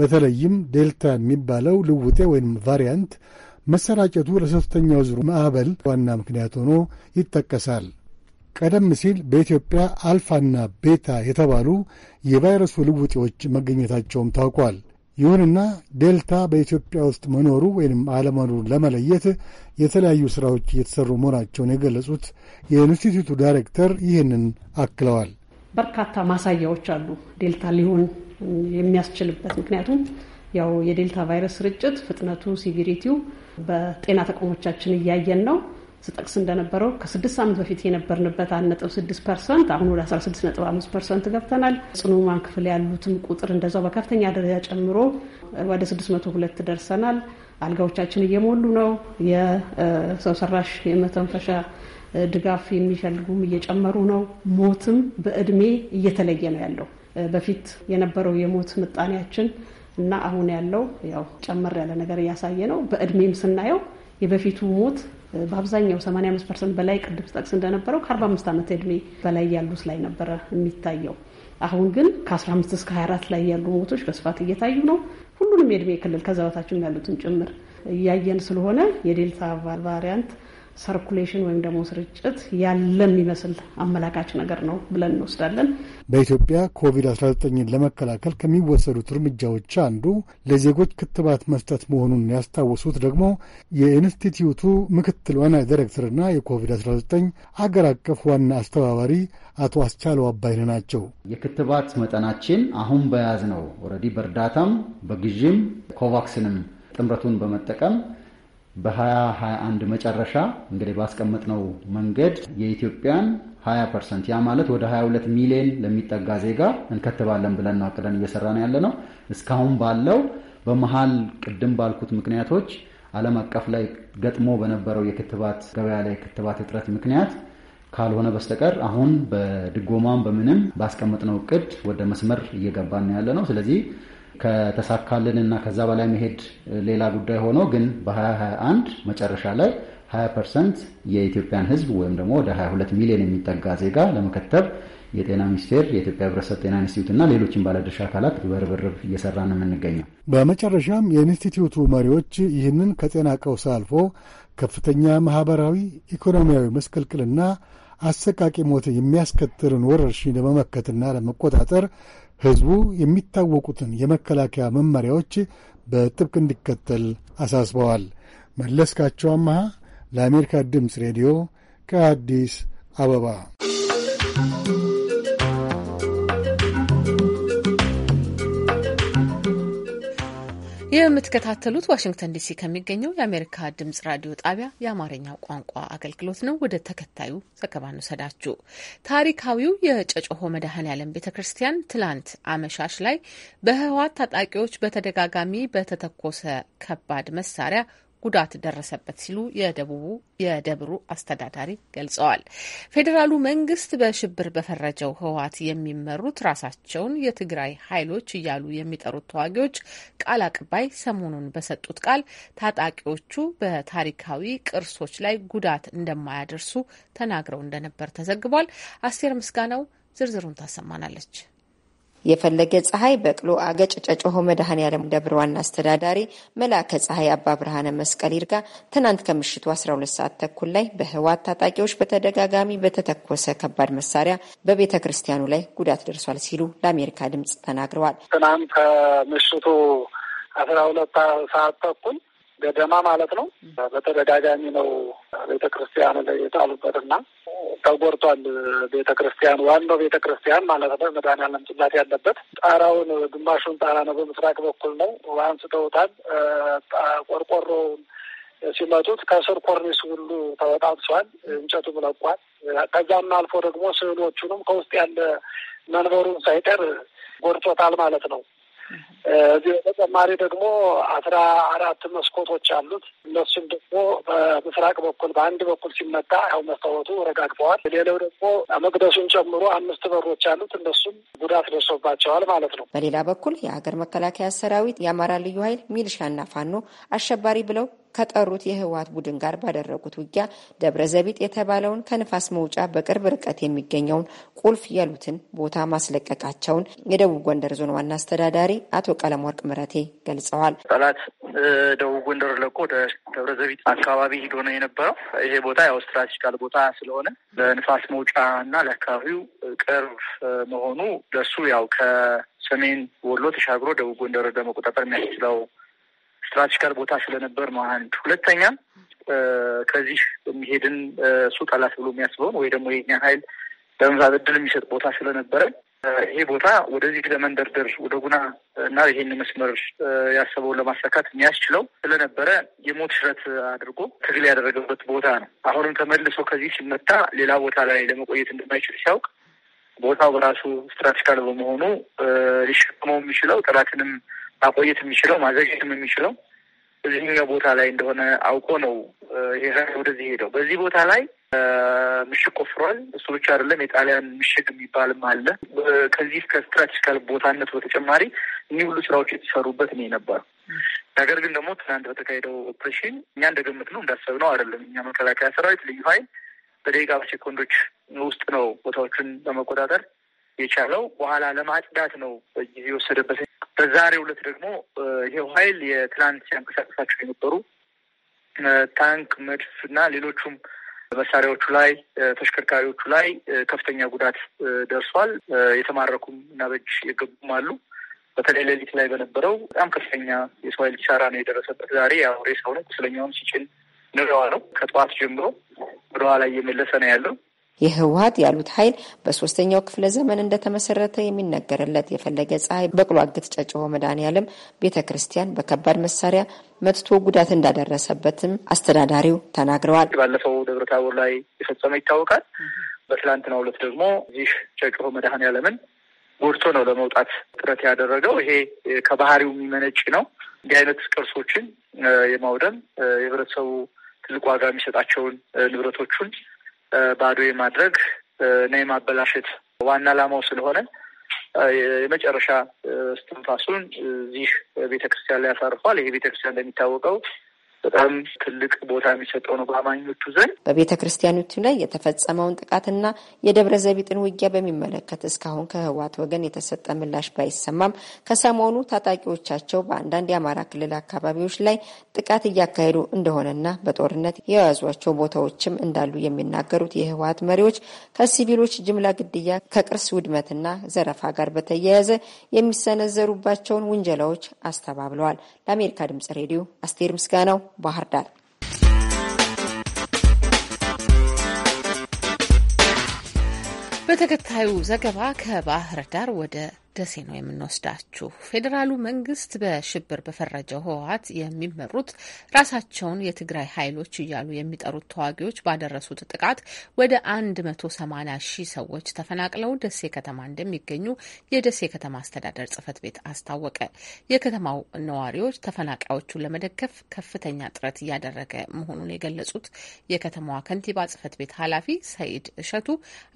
በተለይም ዴልታ የሚባለው ልውጤ ወይም ቫሪያንት መሰራጨቱ ለሶስተኛው ዙር ማዕበል ዋና ምክንያት ሆኖ ይጠቀሳል። ቀደም ሲል በኢትዮጵያ አልፋና ቤታ የተባሉ የቫይረሱ ልውጤዎች መገኘታቸውም ታውቋል። ይሁንና ዴልታ በኢትዮጵያ ውስጥ መኖሩ ወይም አለመኖሩን ለመለየት የተለያዩ ሥራዎች እየተሠሩ መሆናቸውን የገለጹት የኢንስቲትዩቱ ዳይሬክተር ይህንን አክለዋል። በርካታ ማሳያዎች አሉ ዴልታ ሊሆን የሚያስችልበት ምክንያቱም ያው የዴልታ ቫይረስ ስርጭት ፍጥነቱ፣ ሲቪሪቲው በጤና ተቋሞቻችን እያየን ነው። ስጠቅስ እንደነበረው ከስድስት ዓመት በፊት የነበርንበት አንድ ነጥብ ስድስት ፐርሰንት አሁን ወደ አስራ ስድስት ነጥብ አምስት ፐርሰንት ገብተናል። ጽኑ ሕሙማን ክፍል ያሉትም ቁጥር እንደዛው በከፍተኛ ደረጃ ጨምሮ ወደ ስድስት መቶ ሁለት ደርሰናል። አልጋዎቻችን እየሞሉ ነው። የሰው ሰራሽ የመተንፈሻ ድጋፍ የሚፈልጉም እየጨመሩ ነው። ሞትም በእድሜ እየተለየ ነው ያለው በፊት የነበረው የሞት ምጣኔያችን እና አሁን ያለው ያው ጨመር ያለ ነገር እያሳየ ነው። በእድሜም ስናየው የበፊቱ ሞት በአብዛኛው 85 ፐርሰንት በላይ ቅድም ስጠቅስ እንደነበረው ከ45 ዓመት እድሜ በላይ ያሉት ላይ ነበረ የሚታየው። አሁን ግን ከ15 እስከ 24 ላይ ያሉ ሞቶች በስፋት እየታዩ ነው። ሁሉንም የእድሜ ክልል ከዛ በታችም ያሉትን ጭምር እያየን ስለሆነ የዴልታ ቫሪያንት ሰርኩሌሽን ወይም ደግሞ ስርጭት ያለ የሚመስል አመላካች ነገር ነው ብለን እንወስዳለን። በኢትዮጵያ ኮቪድ-19ን ለመከላከል ከሚወሰዱት እርምጃዎች አንዱ ለዜጎች ክትባት መስጠት መሆኑን ያስታወሱት ደግሞ የኢንስቲትዩቱ ምክትል ዋና ዳይሬክተርና የኮቪድ-19 አገር አቀፍ ዋና አስተባባሪ አቶ አስቻለው አባይነ ናቸው። የክትባት መጠናችን አሁን በያዝ ነው ኦልሬዲ በእርዳታም በግዥም ኮቫክስንም ጥምረቱን በመጠቀም በ2021 መጨረሻ እንግዲህ ባስቀመጥነው መንገድ የኢትዮጵያን 20 ፐርሰንት ያ ማለት ወደ 22 ሚሊዮን ለሚጠጋ ዜጋ እንከትባለን ብለን ነው አቅደን እየሰራ ነው ያለ ነው። እስካሁን ባለው በመሀል ቅድም ባልኩት ምክንያቶች ዓለም አቀፍ ላይ ገጥሞ በነበረው የክትባት ገበያ ላይ ክትባት እጥረት ምክንያት ካልሆነ በስተቀር አሁን በድጎማም በምንም ባስቀመጥነው እቅድ ወደ መስመር እየገባን ያለ ነው። ስለዚህ ከተሳካልን እና ከዛ በላይ መሄድ ሌላ ጉዳይ ሆኖ ግን በ2021 መጨረሻ ላይ 20 ፐርሰንት የኢትዮጵያን ሕዝብ ወይም ደግሞ ወደ 22 ሚሊዮን የሚጠጋ ዜጋ ለመከተብ የጤና ሚኒስቴር የኢትዮጵያ ህብረተሰብ ጤና እና ሌሎችን ባለድርሻ አካላት በርብርብ እየሰራ ነው የምንገኘው። በመጨረሻም የኢንስቲትዩቱ መሪዎች ይህንን ከጤና ቀውስ አልፎ ከፍተኛ ማህበራዊ፣ ኢኮኖሚያዊ መስቀልቅልና አሰቃቂ ሞት የሚያስከትልን ወረርሽኝ ለመመከትና ለመቆጣጠር ሕዝቡ የሚታወቁትን የመከላከያ መመሪያዎች በጥብቅ እንዲከተል አሳስበዋል። መለስካቸው አመሃ ለአሜሪካ ድምፅ ሬዲዮ ከአዲስ አበባ የምትከታተሉት ዋሽንግተን ዲሲ ከሚገኘው የአሜሪካ ድምጽ ራዲዮ ጣቢያ የአማርኛው ቋንቋ አገልግሎት ነው። ወደ ተከታዩ ዘገባ እንውሰዳችሁ። ታሪካዊው የጨጮሆ መድኃኔዓለም ቤተ ክርስቲያን ትላንት አመሻሽ ላይ በህወሓት ታጣቂዎች በተደጋጋሚ በተተኮሰ ከባድ መሳሪያ ጉዳት ደረሰበት ሲሉ የደቡቡ የደብሩ አስተዳዳሪ ገልጸዋል። ፌዴራሉ መንግስት በሽብር በፈረጀው ህወሀት የሚመሩት ራሳቸውን የትግራይ ኃይሎች እያሉ የሚጠሩት ተዋጊዎች ቃል አቀባይ ሰሞኑን በሰጡት ቃል ታጣቂዎቹ በታሪካዊ ቅርሶች ላይ ጉዳት እንደማያደርሱ ተናግረው እንደነበር ተዘግቧል። አስቴር ምስጋናው ዝርዝሩን ታሰማናለች። የፈለገ ፀሐይ በቅሎ አገጭ ጨጮሆ መድኃኔዓለም ደብር ዋና አስተዳዳሪ መላከ ፀሐይ አባ ብርሃነ መስቀል ይርጋ ትናንት ከምሽቱ 12 ሰዓት ተኩል ላይ በህወሓት ታጣቂዎች በተደጋጋሚ በተተኮሰ ከባድ መሳሪያ በቤተ ክርስቲያኑ ላይ ጉዳት ደርሷል ሲሉ ለአሜሪካ ድምጽ ተናግረዋል። ትናንት ከምሽቱ አስራ ሁለት ሰዓት ተኩል ገደማ ማለት ነው። በተደጋጋሚ ነው ቤተ ክርስቲያን ላይ የጣሉበትና ተጎድቷል። ቤተ ክርስቲያን ዋናው ቤተ ክርስቲያን ማለት ነው። መድኃኔዓለም ጽላት ያለበት ጣራውን ግማሹን ጣራ ነው፣ በምስራቅ በኩል ነው አንስተውታል። ቆርቆሮውን ሲመቱት ከስር ኮርኒስ ሁሉ ተወጣጥሷል፣ እንጨቱ ለቋል ከዛም አልፎ ደግሞ ስዕሎቹንም ከውስጥ ያለ መንበሩን ሳይቀር ጎድቶታል ማለት ነው። እዚህ በተጨማሪ ደግሞ አስራ አራት መስኮቶች አሉት። እነሱም ደግሞ በምስራቅ በኩል በአንድ በኩል ሲመጣ ያው መስታወቱ ረጋግበዋል። ሌላው ደግሞ መቅደሱን ጨምሮ አምስት በሮች አሉት። እነሱም ጉዳት ደርሶባቸዋል ማለት ነው። በሌላ በኩል የሀገር መከላከያ ሰራዊት፣ የአማራ ልዩ ኃይል ሚልሻና ፋኖ አሸባሪ ብለው ከጠሩት የህወሀት ቡድን ጋር ባደረጉት ውጊያ ደብረ ዘቢጥ የተባለውን ከንፋስ መውጫ በቅርብ ርቀት የሚገኘውን ቁልፍ ያሉትን ቦታ ማስለቀቃቸውን የደቡብ ጎንደር ዞን ዋና አስተዳዳሪ አቶ ቀለም ወርቅ ምረቴ ገልጸዋል። ጠላት ደቡብ ጎንደር ለቆ ወደ ደብረ ዘቢጥ አካባቢ ሂዶ ነው የነበረው። ይሄ ቦታ ያው ስትራቴጂካል ቦታ ስለሆነ ለንፋስ መውጫ እና ለአካባቢው ቅርብ መሆኑ ለሱ ያው ከሰሜን ወሎ ተሻግሮ ደቡብ ጎንደር ለመቆጣጠር የሚያስችለው ስትራቴጂካል ቦታ ስለነበር ነው። አንድ ሁለተኛ ከዚህ የሚሄድን እሱ ጠላት ብሎ የሚያስበውን ወይ ደግሞ የኛን ኃይል ለመምታት እድል የሚሰጥ ቦታ ስለነበረ ይሄ ቦታ ወደዚህ ለመንደርደር ወደ ጉና እና ይሄን መስመር ያሰበውን ለማሳካት የሚያስችለው ስለነበረ የሞት ሽረት አድርጎ ትግል ያደረገበት ቦታ ነው። አሁንም ተመልሶ ከዚህ ሲመታ ሌላ ቦታ ላይ ለመቆየት እንደማይችል ሲያውቅ ቦታው በራሱ ስትራቴጂካል በመሆኑ ሊሸክመው የሚችለው ጠላትንም ማቆየት የሚችለው ማዘግየትም የሚችለው እዚህኛው ቦታ ላይ እንደሆነ አውቆ ነው ይሄ ወደዚህ ሄደው በዚህ ቦታ ላይ ምሽግ ቆፍሯል። እሱ ብቻ አይደለም የጣሊያን ምሽግ የሚባልም አለ። ከዚህ ከስትራቴጂካል ቦታነት በተጨማሪ እኒህ ሁሉ ስራዎች የተሰሩበት ነው ነበር። ነገር ግን ደግሞ ትናንት በተካሄደው ኦፕሬሽን እኛ እንደገመት ነው እንዳሰብነው አይደለም። እኛ መከላከያ ሰራዊት ልዩ ኃይል በደቂቃ በሴኮንዶች ውስጥ ነው ቦታዎችን በመቆጣጠር። የቻለው በኋላ ለማጽዳት ነው ጊዜ የወሰደበት። በዛሬው ዕለት ደግሞ ይሄው ኃይል የትላንት ሲያንቀሳቀሳቸው የነበሩ ታንክ፣ መድፍ እና ሌሎቹም መሳሪያዎቹ ላይ ተሽከርካሪዎቹ ላይ ከፍተኛ ጉዳት ደርሷል። የተማረኩም እና በእጅ የገቡም አሉ። በተለይ ሌሊት ላይ በነበረው በጣም ከፍተኛ የሰው ኃይል ኪሳራ ነው የደረሰበት። ዛሬ ያው ሬሳውን ቁስለኛውን ሲጭን ንረዋ ነው ከጠዋት ጀምሮ ወደኋላ እየመለሰ ነው ያለው። የህወሀት ያሉት ኃይል በሶስተኛው ክፍለ ዘመን እንደተመሰረተ የሚነገርለት የፈለገ ፀሐይ በቅሎ አግት ጨጭሆ መድኃኔዓለም ቤተ ክርስቲያን በከባድ መሳሪያ መጥቶ ጉዳት እንዳደረሰበትም አስተዳዳሪው ተናግረዋል። ባለፈው ደብረ ታቦር ላይ የፈጸመ ይታወቃል። በትላንትናው ዕለት ደግሞ ይህ ጨጭሆ መድኃኔዓለምን ጎድቶ ነው ለመውጣት ጥረት ያደረገው። ይሄ ከባህሪው የሚመነጭ ነው። እንዲህ አይነት ቅርሶችን የማውደም የህብረተሰቡ ትልቅ ዋጋ የሚሰጣቸውን ንብረቶቹን ባዶ የማድረግ እና የማበላሸት ዋና ላማው ስለሆነ የመጨረሻ እስትንፋሱን እዚህ ቤተክርስቲያን ላይ ያሳርፏል። ይሄ ቤተክርስቲያን እንደሚታወቀው በጣም ትልቅ ቦታ የሚሰጠው ነው በአማኞቹ ዘንድ። በቤተ ክርስቲያኖቹ ላይ የተፈጸመውን ጥቃትና የደብረ ዘቢጥን ውጊያ በሚመለከት እስካሁን ከህወሓት ወገን የተሰጠ ምላሽ ባይሰማም ከሰሞኑ ታጣቂዎቻቸው በአንዳንድ የአማራ ክልል አካባቢዎች ላይ ጥቃት እያካሄዱ እንደሆነና በጦርነት የያዟቸው ቦታዎችም እንዳሉ የሚናገሩት የህወሓት መሪዎች ከሲቪሎች ጅምላ ግድያ፣ ከቅርስ ውድመትና ዘረፋ ጋር በተያያዘ የሚሰነዘሩባቸውን ውንጀላዎች አስተባብለዋል። ለአሜሪካ ድምጽ ሬዲዮ አስቴር ምስጋናው ባህር ዳር። በተከታዩ ዘገባ ከባህር ዳር ወደ ደሴ ነው የምንወስዳችሁ። ፌዴራሉ መንግስት በሽብር በፈረጀው ህወሀት የሚመሩት ራሳቸውን የትግራይ ኃይሎች እያሉ የሚጠሩት ተዋጊዎች ባደረሱት ጥቃት ወደ አንድ መቶ ሰማኒያ ሺህ ሰዎች ተፈናቅለው ደሴ ከተማ እንደሚገኙ የደሴ ከተማ አስተዳደር ጽህፈት ቤት አስታወቀ። የከተማው ነዋሪዎች ተፈናቃዮቹን ለመደገፍ ከፍተኛ ጥረት እያደረገ መሆኑን የገለጹት የከተማዋ ከንቲባ ጽህፈት ቤት ኃላፊ ሰይድ እሸቱ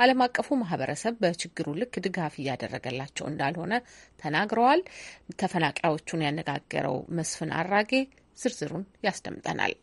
ዓለም አቀፉ ማህበረሰብ በችግሩ ልክ ድጋፍ እያደረገላቸው እንዳሉ እንዳልሆነ ተናግረዋል። ተፈናቃዮቹን ያነጋገረው መስፍን አራጌ ዝርዝሩን ያስደምጠናል።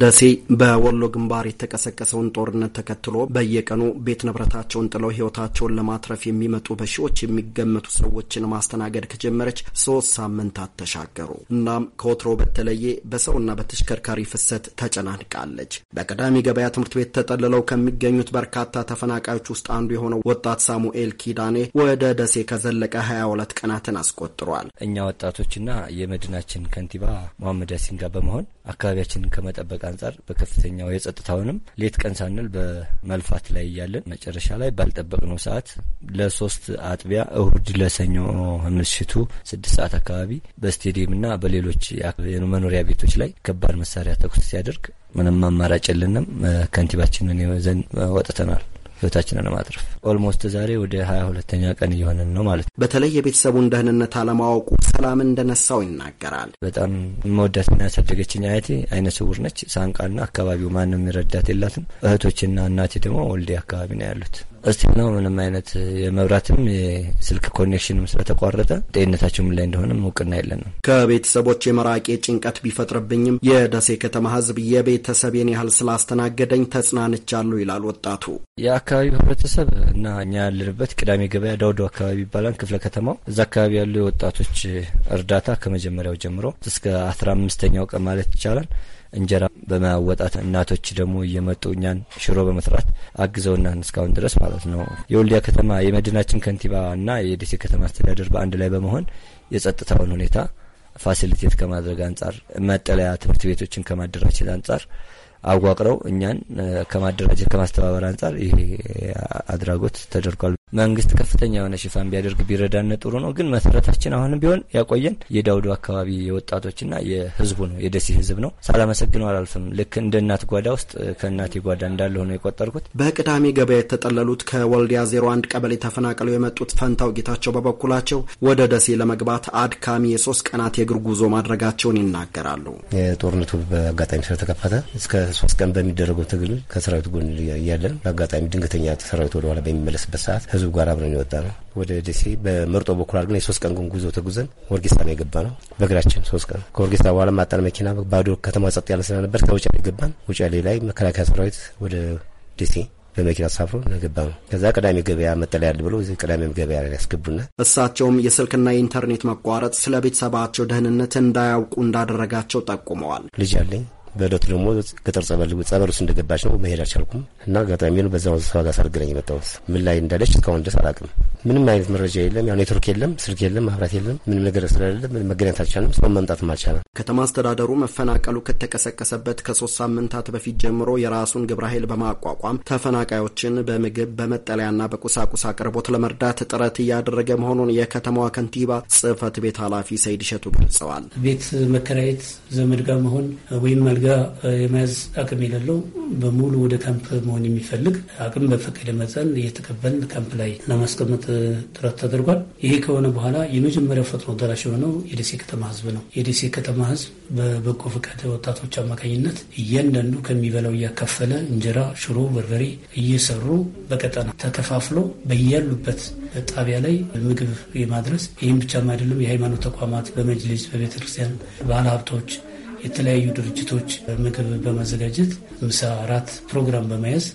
ደሴ በወሎ ግንባር የተቀሰቀሰውን ጦርነት ተከትሎ በየቀኑ ቤት ንብረታቸውን ጥለው ሕይወታቸውን ለማትረፍ የሚመጡ በሺዎች የሚገመቱ ሰዎችን ማስተናገድ ከጀመረች ሶስት ሳምንታት ተሻገሩ። እናም ከወትሮ በተለየ በሰውና በተሽከርካሪ ፍሰት ተጨናንቃለች። በቀዳሚ ገበያ ትምህርት ቤት ተጠልለው ከሚገኙት በርካታ ተፈናቃዮች ውስጥ አንዱ የሆነው ወጣት ሳሙኤል ኪዳኔ ወደ ደሴ ከዘለቀ ሀያ ሁለት ቀናትን አስቆጥሯል። እኛ ወጣቶችና የመድናችን ከንቲባ መሐመድ ያሲን ጋር በመሆን አካባቢያችንን ከመጠበቅ አንጻር በከፍተኛው የጸጥታውንም ሌት ቀን ሳንል በመልፋት ላይ እያለን መጨረሻ ላይ ባልጠበቅነው ሰዓት ለሶስት አጥቢያ እሁድ ለሰኞ ምሽቱ ስድስት ሰዓት አካባቢ በስቴዲየምና በሌሎች መኖሪያ ቤቶች ላይ ከባድ መሳሪያ ተኩስ ሲያደርግ ምንም አማራጭ የለንም። ከንቲባችንን ይዘን ወጥተናል። ህይወታችንን ማትረፍ። ኦልሞስት ዛሬ ወደ ሀያ ሁለተኛ ቀን እየሆነን ነው ማለት ነው። በተለይ የቤተሰቡን ደህንነት አለማወቁ ሰላም እንደነሳው ይናገራል። በጣም መወዳትና ያሳደገችኝ አያቴ አይነ ስውር ነች። ሳንቃና አካባቢው ማንም የሚረዳት የላትም። እህቶችና እናቴ ደግሞ ወልዴ አካባቢ ነው ያሉት። እስቲ ነው ምንም አይነት የመብራትም የስልክ ኮኔክሽንም ስለተቋረጠ ጤንነታቸው ምን ላይ እንደሆነ እውቅና የለንም። ከቤተሰቦች የመራቄ ጭንቀት ቢፈጥርብኝም የደሴ ከተማ ህዝብ የቤተሰቤን ያህል ስላስተናገደኝ ተጽናንቻለሁ ይላል ወጣቱ። የአካባቢው ህብረተሰብ እና እኛ ያለንበት ቅዳሜ ገበያ ዳውዶ አካባቢ ይባላል ክፍለ ከተማው። እዛ አካባቢ ያሉ የወጣቶች እርዳታ ከመጀመሪያው ጀምሮ እስከ አስራ አምስተኛው ቀን ማለት ይቻላል እንጀራ በማወጣት እናቶች ደግሞ እየመጡ እኛን ሽሮ በመስራት አግዘውና እስካሁን ድረስ ማለት ነው። የወልዲያ ከተማ የመድናችን ከንቲባ እና የደሴ ከተማ አስተዳደር በአንድ ላይ በመሆን የጸጥታውን ሁኔታ ፋሲሊቴት ከማድረግ አንጻር፣ መጠለያ ትምህርት ቤቶችን ከማደራጀት አንጻር አዋቅረው እኛን ከማደራጀት ከማስተባበር አንጻር ይሄ አድራጎት ተደርጓል። መንግስት ከፍተኛ የሆነ ሽፋን ቢያደርግ ቢረዳን ጥሩ ነው። ግን መሰረታችን አሁንም ቢሆን ያቆየን የዳውዶ አካባቢ የወጣቶችና የህዝቡ ነው፣ የደሴ ህዝብ ነው። ሳላመሰግነው አላልፍም። ልክ እንደ እናት ጓዳ ውስጥ ከእናቴ ጓዳ እንዳለ ሆነ የቆጠርኩት። በቅዳሜ ገበያ የተጠለሉት ከወልዲያ 01 ቀበሌ ተፈናቅለው የመጡት ፈንታው ጌታቸው በበኩላቸው ወደ ደሴ ለመግባት አድካሚ የሶስት ቀናት የእግር ጉዞ ማድረጋቸውን ይናገራሉ። የጦርነቱ በአጋጣሚ ስለተከፈተ እስከ ሶስት ቀን በሚደረገው ትግል ከሰራዊት ጎን እያለን በአጋጣሚ ድንገተኛ ሰራዊት ወደኋላ በሚመለስበት ሰዓት ከህዝብ ጋር አብረን የወጣ ነው። ወደ ደሴ በምርጦ በኩል አድርገን የሶስት ቀን ግን ጉዞ ተጉዘን ወርጌሳ ነው የገባ ነው በእግራችን ሶስት ቀን። ከወርጌሳ በኋላ ማጣን መኪና ባዶ ከተማ ጸጥ ያለ ስለነበር ከውጫሌ ገባን። ውጫሌ ላይ መከላከያ ሰራዊት ወደ ደሴ በመኪና ሳፍሮ ነገባ ነው። ከዛ ቅዳሜ ገበያ መጠለያ ያለ ብሎ ቅዳሜም ገበያ ላይ ያስገቡና እሳቸውም የስልክና የኢንተርኔት መቋረጥ ስለ ቤተሰባቸው ደህንነት እንዳያውቁ እንዳደረጋቸው ጠቁመዋል። ልጅ አለኝ በእለቱ ደግሞ ገጠር ጸበል ጸበሉስ እንደገባች ነው መሄድ አልቻልኩም እና ነው በዛ በዛው ሰዋጋ ሳርገነኝ የመጣሁት ምን ላይ እንዳለች እስካሁን ድረስ አላውቅም። ምንም አይነት መረጃ የለም። ያው ኔትወርክ የለም፣ ስልክ የለም፣ ማብራት የለም፣ ምንም ነገር ስለሌለ መገናኘት አልቻለም። ሰው መምጣትም አልቻለም። ከተማ አስተዳደሩ መፈናቀሉ ከተቀሰቀሰበት ከሶስት ሳምንታት በፊት ጀምሮ የራሱን ግብረ ኃይል በማቋቋም ተፈናቃዮችን በምግብ በመጠለያና በቁሳቁስ አቅርቦት ለመርዳት ጥረት እያደረገ መሆኑን የከተማዋ ከንቲባ ጽህፈት ቤት ኃላፊ ሰይድ ሸቱ ገልጸዋል። ቤት መከራየት፣ ዘመድ ጋር መሆን ወይም ጋ የመያዝ አቅም የሌለው በሙሉ ወደ ካምፕ መሆን የሚፈልግ አቅም በፈቀደ መጠን እየተቀበልን ካምፕ ላይ ለማስቀመጥ ጥረት ተደርጓል። ይሄ ከሆነ በኋላ የመጀመሪያው ፈጥኖ ደራሽ የሆነው የደሴ ከተማ ህዝብ ነው። የደሴ ከተማ ህዝብ በበጎ ፈቃድ ወጣቶች አማካኝነት እያንዳንዱ ከሚበላው እያካፈለ እንጀራ፣ ሽሮ፣ በርበሬ እየሰሩ በቀጠና ተከፋፍሎ በያሉበት ጣቢያ ላይ ምግብ የማድረስ ይህም ብቻም አይደለም። የሃይማኖት ተቋማት በመጅሊስ በቤተክርስቲያን ባለሀብቶች የተለያዩ ድርጅቶች ምግብ በማዘጋጀት ምሳ፣ እራት ፕሮግራም በመያዝ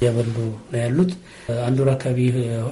እያበሉ ነው ያሉት። አንድ ወር አካባቢ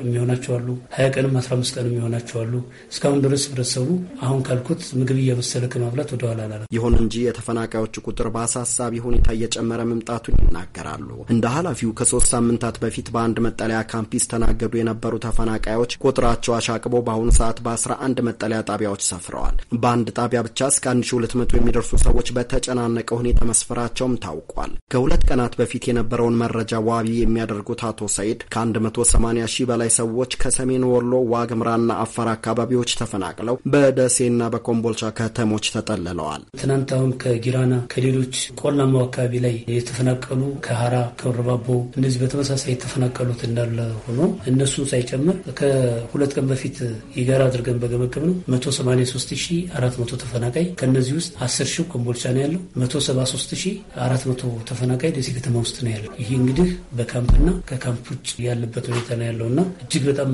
የሚሆናቸው አሉ። ሀያ ቀንም አስራ አምስት ቀንም የሚሆናቸው አሉ። እስካሁን ድረስ ህብረተሰቡ አሁን ካልኩት ምግብ እየበሰለ ከማብላት ወደኋላ ላለ። ይሁን እንጂ የተፈናቃዮቹ ቁጥር በአሳሳቢ ሁኔታ እየጨመረ መምጣቱን ይናገራሉ። እንደ ኃላፊው ከሶስት ሳምንታት በፊት በአንድ መጠለያ ካምፕ ይስተናገዱ የነበሩ ተፈናቃዮች ቁጥራቸው አሻቅቦ በአሁኑ ሰዓት በአስራ አንድ መጠለያ ጣቢያዎች ሰፍረዋል። በአንድ ጣቢያ ብቻ እስከ አንድ ሺ ሁለት መቶ የሚደርሱ ሰዎች ሰዎች በተጨናነቀ ሁኔታ መስፈራቸውም ታውቋል። ከሁለት ቀናት በፊት የነበረውን መረጃ ዋቢ የሚያደርጉት አቶ ሰይድ ከ180 ሺህ በላይ ሰዎች ከሰሜን ወሎ ዋግምራና አፋር አካባቢዎች ተፈናቅለው በደሴና በኮምቦልቻ ከተሞች ተጠልለዋል። ትናንት አሁን ከጊራና ከሌሎች ቆላማው አካባቢ ላይ የተፈናቀሉ ከሀራ ከወረባቦ እነዚህ በተመሳሳይ የተፈናቀሉት እንዳለ ሆኖ እነሱን ሳይጨምር ከሁለት ቀን በፊት የጋራ አድርገን በገመገብ ነው 183 ተፈናቃይ ከእነዚህ ውስጥ 10 ሺህ ኮምቦ ኮምቦልቻ ነው ያለው። መቶ ተፈናቃይ ደሴ ከተማ ውስጥ ነው ያለው። ይህ እንግዲህ በካምፕና ከካምፕ ውጭ ያለበት ሁኔታ ነው ያለው እና እጅግ በጣም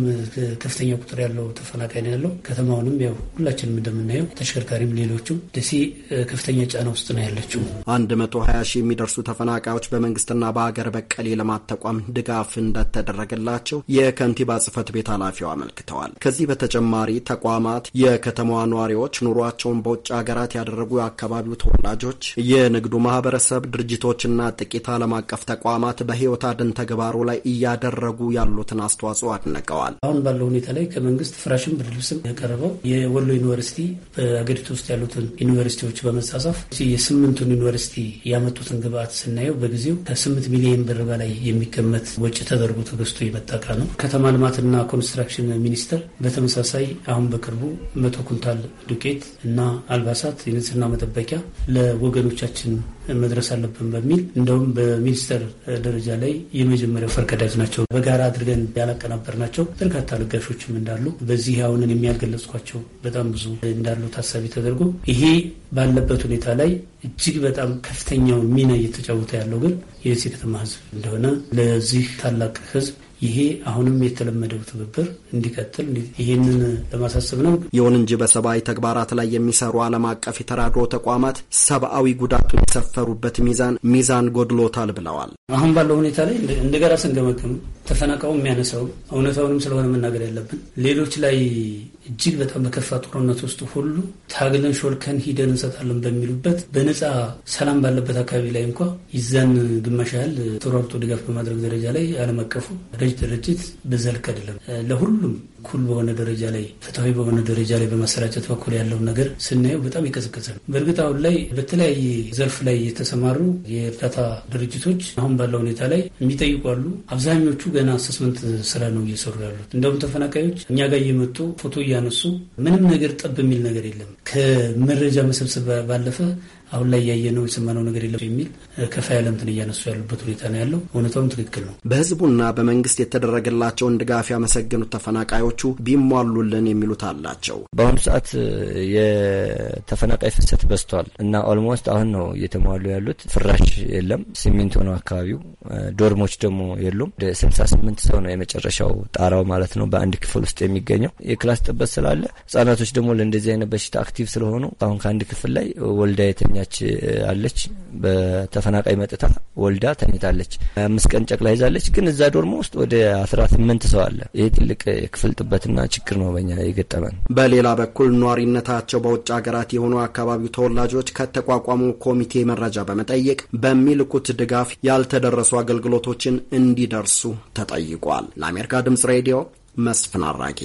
ከፍተኛ ቁጥር ያለው ተፈናቃይ ነው ያለው። ከተማውንም ያው ሁላችንም እንደምናየው ተሽከርካሪም፣ ሌሎችም ደሴ ከፍተኛ ጫና ውስጥ ነው ያለችው። 120 ሺህ የሚደርሱ ተፈናቃዮች በመንግስትና በሀገር በቀል የልማት ተቋም ድጋፍ እንደተደረገላቸው የከንቲባ ጽህፈት ቤት ኃላፊው አመልክተዋል። ከዚህ በተጨማሪ ተቋማት የከተማዋ ነዋሪዎች ኑሯቸውን በውጭ ሀገራት ያደረጉ የአካባቢው ተወላጆች፣ የንግዱ ማህበረሰብ ድርጅቶችና ጥቂት ዓለም አቀፍ ተቋማት በህይወት አድን ተግባሩ ላይ እያደረጉ ያሉትን አስተዋጽኦ አድንቀዋል። አሁን ባለው ሁኔታ ላይ ከመንግስት ፍራሽን ብርድ ልብስም ያቀረበው የወሎ ዩኒቨርሲቲ በአገሪቱ ውስጥ ያሉትን ዩኒቨርሲቲዎች በመሳሳፍ የስምንቱን ዩኒቨርሲቲ ያመጡትን ግብአት ስናየው በጊዜው ከስምንት ሚሊዮን ብር በላይ የሚገመት ወጪ ተደርጎ ተገዝቶ የመጣ እቃ ነው። ከተማ ልማትና ኮንስትራክሽን ሚኒስቴር በተመሳሳይ አሁን በቅርቡ መቶ ኩንታል ዱቄት እና አልባሳት የንጽህና መጠበቂያ ለወገኖቻችን መድረስ አለብን በሚል እንደውም በሚኒስተር ደረጃ ላይ የመጀመሪያው ፈርቀዳጅ ናቸው። በጋራ አድርገን ያላቀናበር ናቸው። በርካታ ለጋሾችም እንዳሉ በዚህ አሁንን የሚያልገለጽኳቸው በጣም ብዙ እንዳሉ ታሳቢ ተደርጎ ይሄ ባለበት ሁኔታ ላይ እጅግ በጣም ከፍተኛው ሚና እየተጫወተ ያለው ግን የደሴ ከተማ ሕዝብ እንደሆነ ለዚህ ታላቅ ሕዝብ ይሄ አሁንም የተለመደው ትብብር እንዲቀጥል ይህንን ለማሳሰብ ነው። ይሁን እንጂ በሰብአዊ ተግባራት ላይ የሚሰሩ ዓለም አቀፍ የተራድኦ ተቋማት ሰብአዊ ጉዳቱን የሰፈሩበት ሚዛን ሚዛን ጎድሎታል ብለዋል። አሁን ባለው ሁኔታ ላይ እንደገና ስንገመግም ተፈናቃው የሚያነሳው እውነታውንም ስለሆነ መናገር ያለብን ሌሎች ላይ እጅግ በጣም በከፋ ጦርነት ውስጥ ሁሉ ታግለን ሾልከን ሂደን እንሰጣለን በሚሉበት በነፃ ሰላም ባለበት አካባቢ ላይ እንኳ ይዛን ግማሽ ያህል ተሯርጦ ድጋፍ በማድረግ ደረጃ ላይ ዓለም አቀፉ ረጅ ድርጅት በዛ አይደለም ለሁሉም እኩል በሆነ ደረጃ ላይ ፍትሐዊ በሆነ ደረጃ ላይ በማሰራጨት በኩል ያለውን ነገር ስናየው በጣም የቀዘቀዘ ነው። በእርግጥ አሁን ላይ በተለያየ ዘርፍ ላይ የተሰማሩ የእርዳታ ድርጅቶች አሁን ባለው ሁኔታ ላይ የሚጠይቁ አሉ። አብዛኞቹ ገና አሰስመንት ስራ ነው እየሰሩ ያሉት። እንደውም ተፈናቃዮች እኛ ጋር እየመጡ ፎቶ እያነሱ ምንም ነገር ጠብ የሚል ነገር የለም ከመረጃ መሰብሰብ ባለፈ አሁን ላይ ያየነው የሰማነው ነገር የለም የሚል ከፋ ያለ እንትን እያነሱ ያሉበት ሁኔታ ነው ያለው። እውነታውም ትክክል ነው። በህዝቡና በመንግስት የተደረገላቸውን ድጋፍ ያመሰገኑት ተፈናቃዮቹ ቢሟሉልን የሚሉት አላቸው። በአሁኑ ሰዓት የተፈናቃይ ፍሰት በዝቷል እና ኦልሞስት አሁን ነው እየተሟሉ ያሉት። ፍራሽ የለም፣ ሲሚንቶ ነው አካባቢው። ዶርሞች ደግሞ የሉም። ወደ ስልሳ ስምንት ሰው ነው የመጨረሻው ጣራው ማለት ነው በአንድ ክፍል ውስጥ የሚገኘው የክላስ ጥበት ስላለ ህጻናቶች ደግሞ ለእንደዚህ አይነት በሽታ አክቲቭ ስለሆኑ አሁን ከአንድ ክፍል ላይ ወልዳ የተኛ ጓደኛች አለች። በተፈናቃይ መጥታ ወልዳ ተኝታለች። አምስት ቀን ጨቅላ ይዛለች። ግን እዛ ዶርሞ ውስጥ ወደ አስራ ስምንት ሰው አለ። ይህ ትልቅ ክፍል ጥበትና ችግር ነው በኛ የገጠመን። በሌላ በኩል ኗሪነታቸው በውጭ ሀገራት የሆኑ አካባቢው ተወላጆች ከተቋቋሙ ኮሚቴ መረጃ በመጠየቅ በሚልኩት ድጋፍ ያልተደረሱ አገልግሎቶችን እንዲደርሱ ተጠይቋል። ለአሜሪካ ድምጽ ሬዲዮ መስፍን አራጌ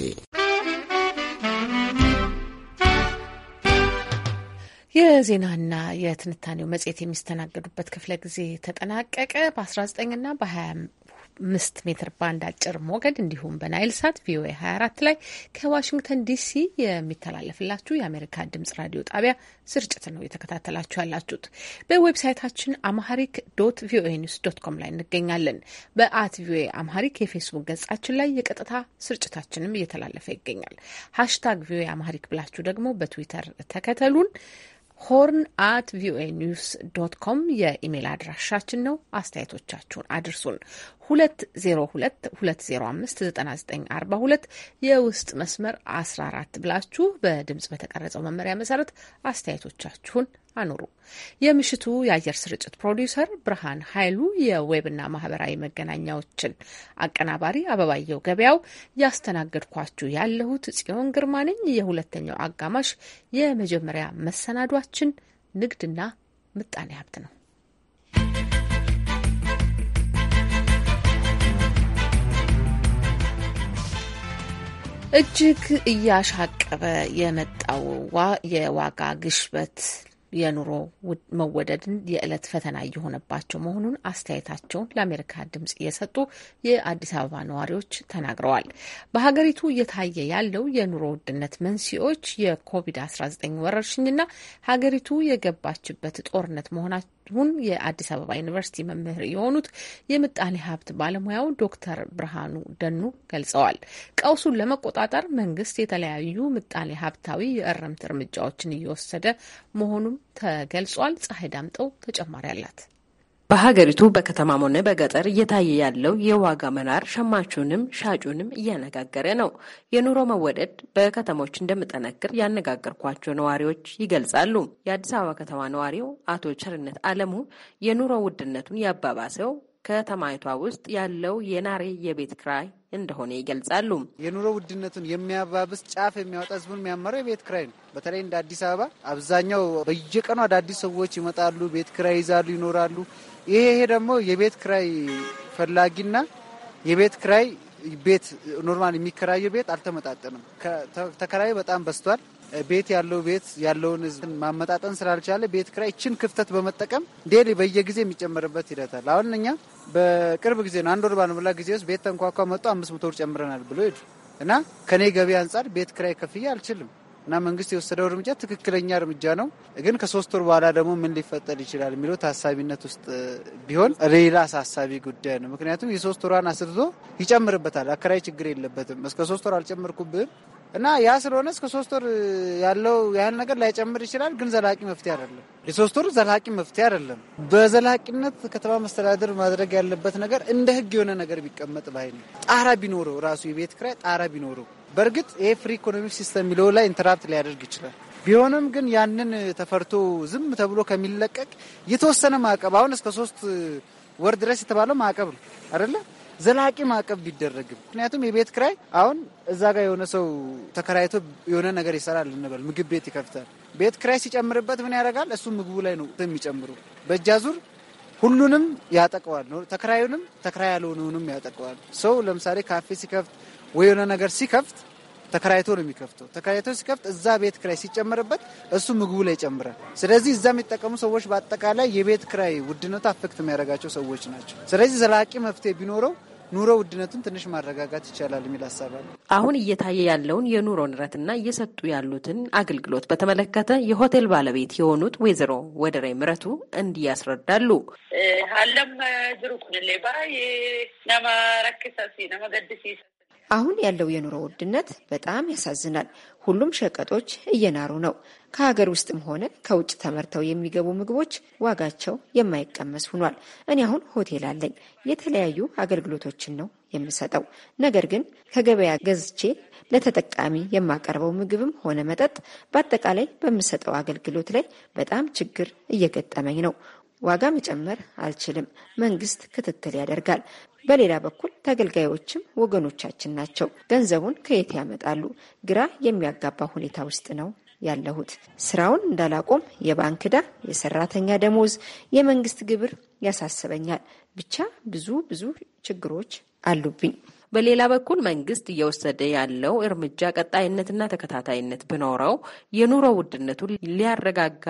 የዜናና የትንታኔው መጽሔት የሚስተናገዱበት ክፍለ ጊዜ ተጠናቀቀ። በ19ና በ ምስት ሜትር ባንድ አጭር ሞገድ እንዲሁም በናይል ሳት ቪኦኤ 24 ላይ ከዋሽንግተን ዲሲ የሚተላለፍላችሁ የአሜሪካ ድምጽ ራዲዮ ጣቢያ ስርጭት ነው እየተከታተላችሁ ያላችሁት። በዌብሳይታችን አምሃሪክ ዶት ቪኦኤ ኒውስ ዶት ኮም ላይ እንገኛለን። በአት ቪኦኤ አምሃሪክ የፌስቡክ ገጻችን ላይ የቀጥታ ስርጭታችንም እየተላለፈ ይገኛል። ሃሽታግ ቪኦኤ አምሃሪክ ብላችሁ ደግሞ በትዊተር ተከተሉን። ሆርን አት ቪኦኤ ኒውስ ዶት ኮም የኢሜል አድራሻችን ነው። አስተያየቶቻችሁን አድርሱን። 2022059942 የውስጥ መስመር 14 ብላችሁ በድምጽ በተቀረጸው መመሪያ መሰረት አስተያየቶቻችሁን አኑሩ። የምሽቱ የአየር ስርጭት ፕሮዲውሰር ብርሃን ኃይሉ፣ የዌብና ማህበራዊ መገናኛዎችን አቀናባሪ አበባየው ገበያው፣ ያስተናገድኳችሁ ያለሁት ጽዮን ግርማ ነኝ። የሁለተኛው አጋማሽ የመጀመሪያ መሰናዷችን ንግድና ምጣኔ ሀብት ነው። እጅግ እያሻቀበ የመጣው የዋጋ ግሽበት የኑሮ መወደድን የዕለት ፈተና እየሆነባቸው መሆኑን አስተያየታቸውን ለአሜሪካ ድምጽ እየሰጡ የአዲስ አበባ ነዋሪዎች ተናግረዋል። በሀገሪቱ እየታየ ያለው የኑሮ ውድነት መንስኤዎች የኮቪድ-19 ወረርሽኝና ሀገሪቱ የገባችበት ጦርነት መሆናቸው እንዲሁም የአዲስ አበባ ዩኒቨርሲቲ መምህር የሆኑት የምጣኔ ሀብት ባለሙያው ዶክተር ብርሃኑ ደኑ ገልጸዋል። ቀውሱን ለመቆጣጠር መንግስት የተለያዩ ምጣኔ ሀብታዊ የእርምት እርምጃዎችን እየወሰደ መሆኑም ተገልጿል። ፀሐይ ዳምጠው ተጨማሪ አላት። በሀገሪቱ በከተማም ሆነ በገጠር እየታየ ያለው የዋጋ መናር ሸማቹንም ሻጩንም እያነጋገረ ነው። የኑሮ መወደድ በከተሞች እንደምጠነክር ያነጋገርኳቸው ነዋሪዎች ይገልጻሉ። የአዲስ አበባ ከተማ ነዋሪው አቶ ቸርነት አለሙ የኑሮ ውድነቱን ያባባሰው ከተማይቷ ውስጥ ያለው የናሬ የቤት ክራይ እንደሆነ ይገልጻሉ። የኑሮ ውድነቱን የሚያባብስ ጫፍ የሚያወጣ ህዝቡን የሚያመረው የቤት ክራይ ነው። በተለይ እንደ አዲስ አበባ አብዛኛው በየቀኑ አዳዲስ ሰዎች ይመጣሉ፣ ቤት ክራይ ይዛሉ፣ ይኖራሉ። ይሄ ደግሞ የቤት ክራይ ፈላጊና የቤት ክራይ ቤት ኖርማል የሚከራየው ቤት አልተመጣጠንም። ተከራዩ በጣም በዝቷል። ቤት ያለው ቤት ያለውን ህዝብን ማመጣጠን ስላልቻለ ቤት ክራይ ይችን ክፍተት በመጠቀም ዴሊ በየጊዜ የሚጨመርበት ሂደታል። አሁን እኛ በቅርብ ጊዜ ነው አንድ ወር ባልሞላ ጊዜ ውስጥ ቤት ተንኳኳ መጡ አምስት መቶ ብር ጨምረናል ብሎ ሄዱ እና ከኔ ገቢ አንጻር ቤት ክራይ ከፍዬ አልችልም እና መንግስት የወሰደው እርምጃ ትክክለኛ እርምጃ ነው። ግን ከሶስት ወር በኋላ ደግሞ ምን ሊፈጠር ይችላል የሚለው ታሳቢነት ውስጥ ቢሆን ሌላ አሳሳቢ ጉዳይ ነው። ምክንያቱም የሶስት ወሯን አስርቶ ይጨምርበታል። አከራይ ችግር የለበትም። እስከ ሶስት ወር አልጨምርኩብህም እና ያ ስለሆነ እስከ ሶስት ወር ያለው ያህል ነገር ላይጨምር ይችላል። ግን ዘላቂ መፍትሄ አይደለም። የሶስት ወር ዘላቂ መፍትሄ አይደለም። በዘላቂነት ከተማ መስተዳደር ማድረግ ያለበት ነገር እንደ ህግ የሆነ ነገር ቢቀመጥ ባይ ነው። ጣራ ቢኖረው ራሱ የቤት ክራይ ጣራ ቢኖረው በእርግጥ ይሄ ፍሪ ኢኮኖሚክ ሲስተም የሚለው ላይ ኢንተራፕት ሊያደርግ ይችላል። ቢሆንም ግን ያንን ተፈርቶ ዝም ተብሎ ከሚለቀቅ የተወሰነ ማዕቀብ አሁን እስከ ሶስት ወር ድረስ የተባለው ማዕቀብ ነው አደለ? ዘላቂ ማዕቀብ ቢደረግም ምክንያቱም የቤት ክራይ አሁን እዛ ጋር የሆነ ሰው ተከራይቶ የሆነ ነገር ይሰራል እንበል፣ ምግብ ቤት ይከፍታል። ቤት ክራይ ሲጨምርበት ምን ያደርጋል? እሱ ምግቡ ላይ ነው የሚጨምሩ። በእጃ ዙር ሁሉንም ያጠቀዋል ተከራዩንም ተከራይ ያልሆነውንም ያጠቀዋል። ሰው ለምሳሌ ካፌ ሲከፍት ወይ የሆነ ነገር ሲከፍት ተከራይቶ ነው የሚከፍተው። ተከራይቶ ሲከፍት እዛ ቤት ክራይ ሲጨመርበት እሱ ምግቡ ላይ ይጨምራል። ስለዚህ እዛ የሚጠቀሙ ሰዎች በአጠቃላይ የቤት ክራይ ውድነቱ አፌክት የሚያደርጋቸው ሰዎች ናቸው። ስለዚህ ዘላቂ መፍትሄ ቢኖረው ኑሮ ውድነቱን ትንሽ ማረጋጋት ይቻላል የሚል ሀሳብ አለ። አሁን እየታየ ያለውን የኑሮ ንረትና እየሰጡ ያሉትን አገልግሎት በተመለከተ የሆቴል ባለቤት የሆኑት ወይዘሮ ወደሬ ምረቱ እንዲህ ያስረዳሉ። አለም ጅሩ ኩንሌ ባይ ረክሰሲ ነማ አሁን ያለው የኑሮ ውድነት በጣም ያሳዝናል። ሁሉም ሸቀጦች እየናሩ ነው። ከሀገር ውስጥም ሆነ ከውጭ ተመርተው የሚገቡ ምግቦች ዋጋቸው የማይቀመስ ሆኗል። እኔ አሁን ሆቴል አለኝ። የተለያዩ አገልግሎቶችን ነው የምሰጠው። ነገር ግን ከገበያ ገዝቼ ለተጠቃሚ የማቀርበው ምግብም ሆነ መጠጥ፣ በአጠቃላይ በምሰጠው አገልግሎት ላይ በጣም ችግር እየገጠመኝ ነው። ዋጋ መጨመር አልችልም። መንግስት ክትትል ያደርጋል። በሌላ በኩል ተገልጋዮችም ወገኖቻችን ናቸው። ገንዘቡን ከየት ያመጣሉ? ግራ የሚያጋባ ሁኔታ ውስጥ ነው ያለሁት። ስራውን እንዳላቆም የባንክ ዕዳ፣ የሰራተኛ ደሞዝ፣ የመንግስት ግብር ያሳስበኛል። ብቻ ብዙ ብዙ ችግሮች አሉብኝ። በሌላ በኩል መንግስት እየወሰደ ያለው እርምጃ ቀጣይነትና ተከታታይነት ብኖረው የኑሮ ውድነቱን ሊያረጋጋ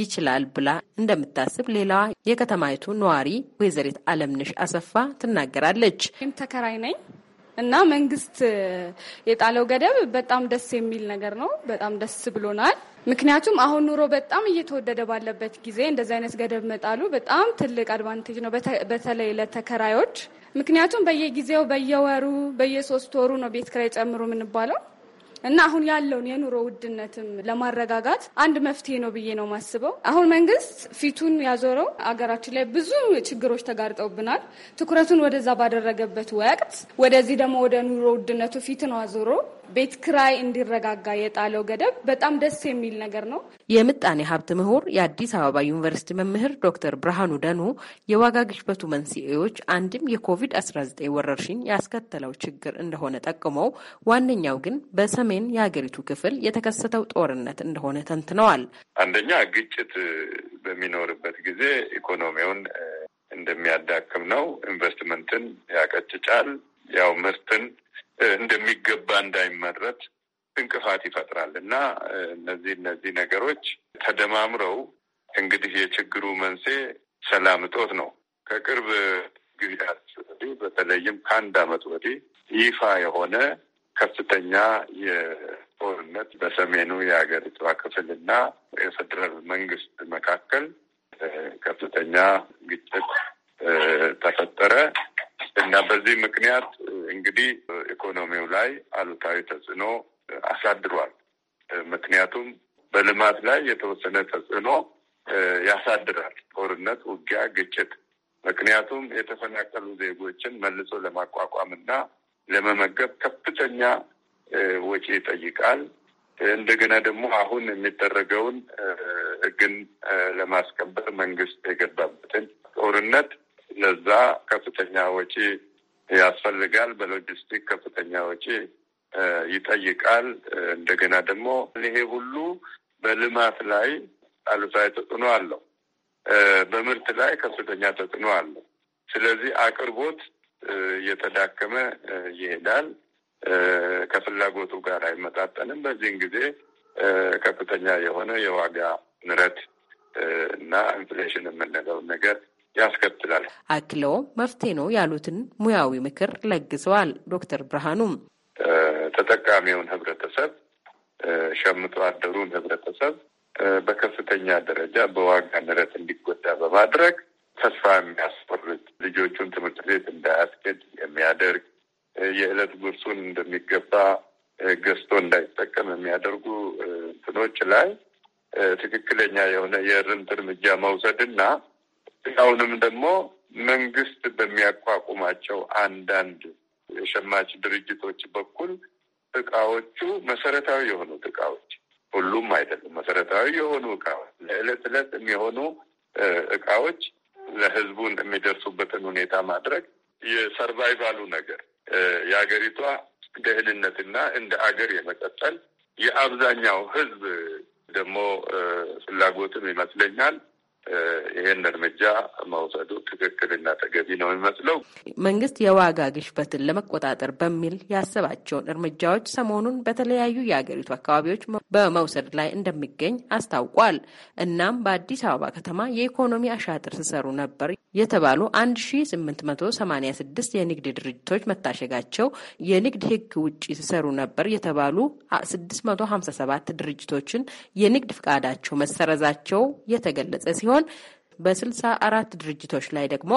ይችላል ብላ እንደምታስብ ሌላዋ የከተማይቱ ነዋሪ ወይዘሪት አለምነሽ አሰፋ ትናገራለች። ወይም ተከራይ ነኝ እና መንግስት የጣለው ገደብ በጣም ደስ የሚል ነገር ነው። በጣም ደስ ብሎናል። ምክንያቱም አሁን ኑሮ በጣም እየተወደደ ባለበት ጊዜ እንደዚህ አይነት ገደብ መጣሉ በጣም ትልቅ አድቫንቴጅ ነው። በተለይ ለተከራዮች ምክንያቱም በየጊዜው በየወሩ በየሶስት ወሩ ነው ቤት ኪራይ ጨምሮ የምንባለው እና አሁን ያለውን የኑሮ ውድነትም ለማረጋጋት አንድ መፍትሄ ነው ብዬ ነው ማስበው። አሁን መንግስት ፊቱን ያዞረው አገራችን ላይ ብዙ ችግሮች ተጋርጠውብናል። ትኩረቱን ወደዛ ባደረገበት ወቅት ወደዚህ ደግሞ ወደ ኑሮ ውድነቱ ነው አዞሮ ቤት ክራይ እንዲረጋጋ የጣለው ገደብ በጣም ደስ የሚል ነገር ነው። የምጣኔ ሀብት ምሁር የአዲስ አበባ ዩኒቨርሲቲ መምህር ዶክተር ብርሃኑ ደኑ የዋጋ ግሽበቱ መንስኤዎች አንድም የኮቪድ-19 ወረርሽኝ ያስከተለው ችግር እንደሆነ ጠቅመው ዋነኛው ግን በሰሜን የሀገሪቱ ክፍል የተከሰተው ጦርነት እንደሆነ ተንትነዋል። አንደኛ ግጭት በሚኖርበት ጊዜ ኢኮኖሚውን እንደሚያዳክም ነው። ኢንቨስትመንትን ያቀጭጫል። ያው ምርትን እንደሚገባ እንዳይመረት እንቅፋት ይፈጥራል እና እነዚህ እነዚህ ነገሮች ተደማምረው እንግዲህ የችግሩ መንስኤ ሰላም እጦት ነው። ከቅርብ ጊዜያት ወዲህ በተለይም ከአንድ ዓመት ወዲህ ይፋ የሆነ ከፍተኛ የጦርነት በሰሜኑ የሀገሪቷ እና የፌደራል መንግስት መካከል ከፍተኛ ግጭት ተፈጠረ። እና በዚህ ምክንያት እንግዲህ ኢኮኖሚው ላይ አሉታዊ ተጽዕኖ አሳድሯል። ምክንያቱም በልማት ላይ የተወሰነ ተጽዕኖ ያሳድራል። ጦርነት፣ ውጊያ፣ ግጭት። ምክንያቱም የተፈናቀሉ ዜጎችን መልሶ ለማቋቋምና ለመመገብ ከፍተኛ ወጪ ይጠይቃል። እንደገና ደግሞ አሁን የሚደረገውን ሕግን ለማስከበር መንግስት የገባበትን ጦርነት ለዛ ከፍተኛ ወጪ ያስፈልጋል። በሎጂስቲክ ከፍተኛ ወጪ ይጠይቃል። እንደገና ደግሞ ይሄ ሁሉ በልማት ላይ አሉታዊ ተጽዕኖ አለው። በምርት ላይ ከፍተኛ ተጽዕኖ አለው። ስለዚህ አቅርቦት እየተዳከመ ይሄዳል። ከፍላጎቱ ጋር አይመጣጠንም። በዚህን ጊዜ ከፍተኛ የሆነ የዋጋ ንረት እና ኢንፍሌሽን የምንለው ነገር ያስከትላል። አክለው መፍትሄ ነው ያሉትን ሙያዊ ምክር ለግሰዋል። ዶክተር ብርሃኑም ተጠቃሚውን ህብረተሰብ ሸምጦ አደሩን ህብረተሰብ በከፍተኛ ደረጃ በዋጋ ንረት እንዲጎዳ በማድረግ ተስፋ የሚያስቆርጥ ልጆቹን ትምህርት ቤት እንዳያስገድ የሚያደርግ የዕለት ጉርሱን እንደሚገባ ገዝቶ እንዳይጠቀም የሚያደርጉ እንትኖች ላይ ትክክለኛ የሆነ የእርምት እርምጃ መውሰድና አሁንም ደግሞ መንግስት በሚያቋቁማቸው አንዳንድ የሸማች ድርጅቶች በኩል እቃዎቹ መሰረታዊ የሆኑ እቃዎች ሁሉም አይደለም፣ መሰረታዊ የሆኑ እቃዎች ለዕለት ዕለት የሚሆኑ እቃዎች ለህዝቡን የሚደርሱበትን ሁኔታ ማድረግ የሰርቫይቫሉ ነገር የሀገሪቷ ደህንነትና እንደ አገር የመቀጠል የአብዛኛው ህዝብ ደግሞ ፍላጎትም ይመስለኛል ይህን እርምጃ መውሰዱ ትክክልና ተገቢ ነው የሚመስለው። መንግስት የዋጋ ግሽበትን ለመቆጣጠር በሚል ያሰባቸውን እርምጃዎች ሰሞኑን በተለያዩ የአገሪቱ አካባቢዎች በመውሰድ ላይ እንደሚገኝ አስታውቋል። እናም በአዲስ አበባ ከተማ የኢኮኖሚ አሻጥር ሲሰሩ ነበር የተባሉ 1886 የንግድ ድርጅቶች መታሸጋቸው፣ የንግድ ህግ ውጪ ሲሰሩ ነበር የተባሉ 657 ድርጅቶችን የንግድ ፍቃዳቸው መሰረዛቸው የተገለጸ ሲሆን ሲሆን በስልሳ አራት ድርጅቶች ላይ ደግሞ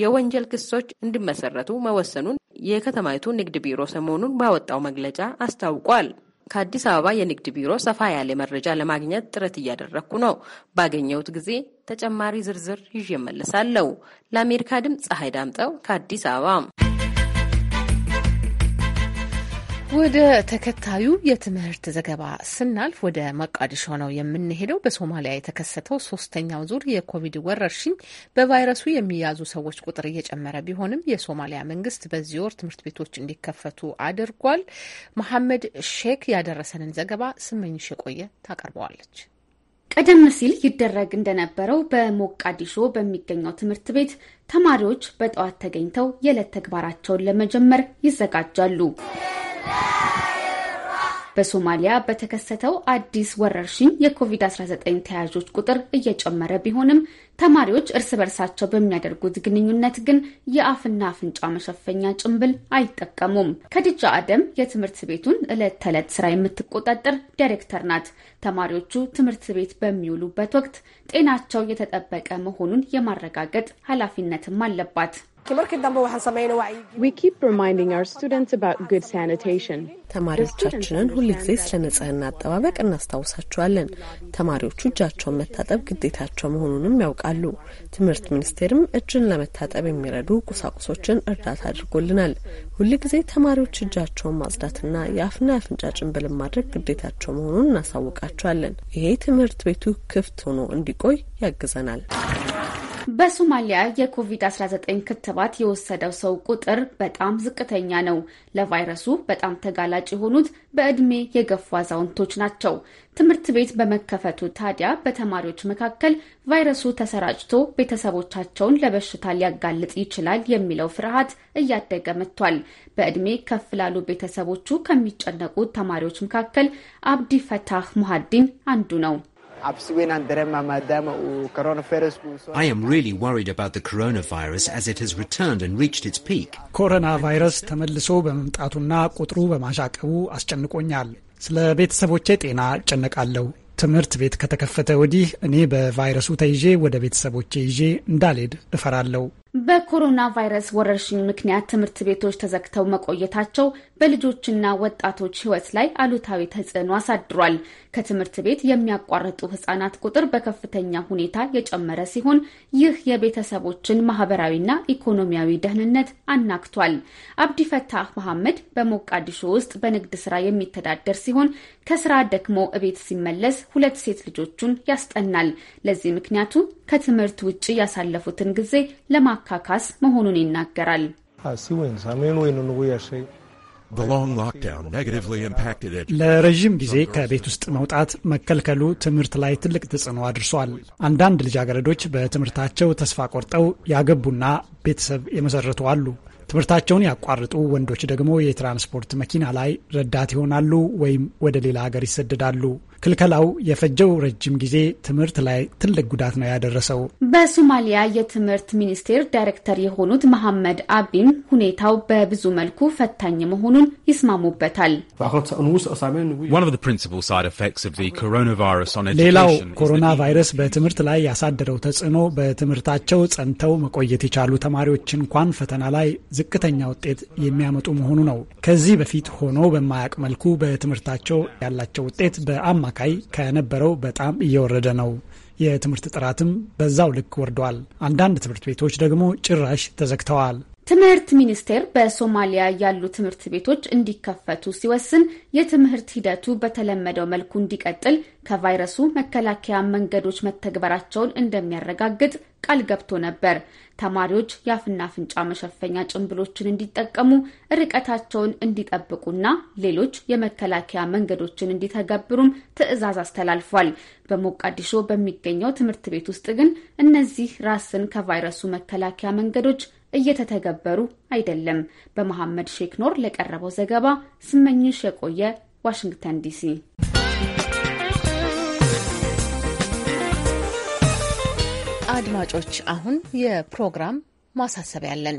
የወንጀል ክሶች እንዲመሰረቱ መወሰኑን የከተማይቱ ንግድ ቢሮ ሰሞኑን ባወጣው መግለጫ አስታውቋል። ከአዲስ አበባ የንግድ ቢሮ ሰፋ ያለ መረጃ ለማግኘት ጥረት እያደረግኩ ነው። ባገኘሁት ጊዜ ተጨማሪ ዝርዝር ይዤ እመለሳለሁ። ለአሜሪካ ድምፅ ፀሐይ ዳምጠው ከአዲስ አበባ ወደ ተከታዩ የትምህርት ዘገባ ስናልፍ ወደ መቃዲሾ ነው የምንሄደው። በሶማሊያ የተከሰተው ሶስተኛው ዙር የኮቪድ ወረርሽኝ በቫይረሱ የሚያዙ ሰዎች ቁጥር እየጨመረ ቢሆንም የሶማሊያ መንግስት በዚህ ወር ትምህርት ቤቶች እንዲከፈቱ አድርጓል። መሐመድ ሼክ ያደረሰንን ዘገባ ስመኝሽ የቆየ ታቀርበዋለች። ቀደም ሲል ይደረግ እንደነበረው በሞቃዲሾ በሚገኘው ትምህርት ቤት ተማሪዎች በጠዋት ተገኝተው የዕለት ተግባራቸውን ለመጀመር ይዘጋጃሉ። በሶማሊያ በተከሰተው አዲስ ወረርሽኝ የኮቪድ-19 ተያዦች ቁጥር እየጨመረ ቢሆንም ተማሪዎች እርስ በርሳቸው በሚያደርጉት ግንኙነት ግን የአፍና አፍንጫ መሸፈኛ ጭንብል አይጠቀሙም። ከድጃ አደም የትምህርት ቤቱን ዕለት ተዕለት ስራ የምትቆጣጠር ዳይሬክተር ናት። ተማሪዎቹ ትምህርት ቤት በሚውሉበት ወቅት ጤናቸው የተጠበቀ መሆኑን የማረጋገጥ ኃላፊነትም አለባት። ተማሪዎቻችንን ሁልጊዜ ስለ ንጽህና አጠባበቅ እናስታውሳቸዋለን። ተማሪዎቹ እጃቸውን መታጠብ ግዴታቸው መሆኑንም ያውቃሉ። ትምህርት ሚኒስቴርም እጅን ለመታጠብ የሚረዱ ቁሳቁሶችን እርዳታ አድርጎልናል። ሁልጊዜ ተማሪዎች እጃቸውን ማጽዳትና የአፍና የአፍንጫ ጭንብልን ማድረግ ግዴታቸው መሆኑን እናሳውቃቸዋለን። ይሄ ትምህርት ቤቱ ክፍት ሆኖ እንዲቆይ ያግዘናል። በሶማሊያ የኮቪድ-19 ክትባት የወሰደው ሰው ቁጥር በጣም ዝቅተኛ ነው። ለቫይረሱ በጣም ተጋላጭ የሆኑት በዕድሜ የገፉ አዛውንቶች ናቸው። ትምህርት ቤት በመከፈቱ ታዲያ በተማሪዎች መካከል ቫይረሱ ተሰራጭቶ ቤተሰቦቻቸውን ለበሽታ ሊያጋልጥ ይችላል የሚለው ፍርሃት እያደገ መጥቷል። በዕድሜ ከፍ ላሉ ቤተሰቦቹ ከሚጨነቁ ተማሪዎች መካከል አብዲ ፈታህ ሙሀዲን አንዱ ነው። I am really worried about the coronavirus as it has returned and reached its peak. ኮሮና ቫይረስ ተመልሶ በመምጣቱና ቁጥሩ በማሻቀቡ አስጨንቆኛል። ስለ ቤተሰቦቼ ጤና እጨነቃለሁ። ትምህርት ቤት ከተከፈተ ወዲህ እኔ በቫይረሱ ተይዤ ወደ ቤተሰቦቼ ይዤ እንዳልሄድ እፈራለሁ። በኮሮና ቫይረስ ወረርሽኝ ምክንያት ትምህርት ቤቶች ተዘግተው መቆየታቸው በልጆችና ወጣቶች ሕይወት ላይ አሉታዊ ተጽዕኖ አሳድሯል። ከትምህርት ቤት የሚያቋርጡ ሕጻናት ቁጥር በከፍተኛ ሁኔታ የጨመረ ሲሆን ይህ የቤተሰቦችን ማህበራዊና ኢኮኖሚያዊ ደህንነት አናክቷል። አብዲፈታህ መሐመድ በሞቃዲሾ ውስጥ በንግድ ስራ የሚተዳደር ሲሆን ከስራ ደክሞ እቤት ሲመለስ ሁለት ሴት ልጆቹን ያስጠናል። ለዚህ ምክንያቱ ከትምህርት ውጭ ያሳለፉትን ጊዜ ለማ ማካካስ መሆኑን ይናገራል። ለረዥም ጊዜ ከቤት ውስጥ መውጣት መከልከሉ ትምህርት ላይ ትልቅ ተጽዕኖ አድርሷል። አንዳንድ ልጃገረዶች በትምህርታቸው ተስፋ ቆርጠው ያገቡና ቤተሰብ የመሰረቱ አሉ። ትምህርታቸውን ያቋርጡ ወንዶች ደግሞ የትራንስፖርት መኪና ላይ ረዳት ይሆናሉ ወይም ወደ ሌላ ሀገር ይሰደዳሉ። ክልከላው የፈጀው ረጅም ጊዜ ትምህርት ላይ ትልቅ ጉዳት ነው ያደረሰው። በሶማሊያ የትምህርት ሚኒስቴር ዳይሬክተር የሆኑት መሐመድ አብዲን ሁኔታው በብዙ መልኩ ፈታኝ መሆኑን ይስማሙበታል። ሌላው ኮሮና ቫይረስ በትምህርት ላይ ያሳደረው ተጽዕኖ በትምህርታቸው ጸንተው መቆየት የቻሉ ተማሪዎች እንኳን ፈተና ላይ ዝቅተኛ ውጤት የሚያመጡ መሆኑ ነው። ከዚህ በፊት ሆኖ በማያውቅ መልኩ በትምህርታቸው ያላቸው ውጤት በአማ አማካይ ከነበረው በጣም እየወረደ ነው። የትምህርት ጥራትም በዛው ልክ ወርዷል። አንዳንድ ትምህርት ቤቶች ደግሞ ጭራሽ ተዘግተዋል። ትምህርት ሚኒስቴር በሶማሊያ ያሉ ትምህርት ቤቶች እንዲከፈቱ ሲወስን የትምህርት ሂደቱ በተለመደው መልኩ እንዲቀጥል ከቫይረሱ መከላከያ መንገዶች መተግበራቸውን እንደሚያረጋግጥ ቃል ገብቶ ነበር። ተማሪዎች የአፍና አፍንጫ መሸፈኛ ጭንብሎችን እንዲጠቀሙ፣ ርቀታቸውን እንዲጠብቁና ሌሎች የመከላከያ መንገዶችን እንዲተገብሩም ትዕዛዝ አስተላልፏል። በሞቃዲሾ በሚገኘው ትምህርት ቤት ውስጥ ግን እነዚህ ራስን ከቫይረሱ መከላከያ መንገዶች እየተተገበሩ አይደለም። በመሐመድ ሼክ ኖር ለቀረበው ዘገባ ስመኝሽ የቆየ ዋሽንግተን ዲሲ። አድማጮች አሁን የፕሮግራም ማሳሰቢያ አለን።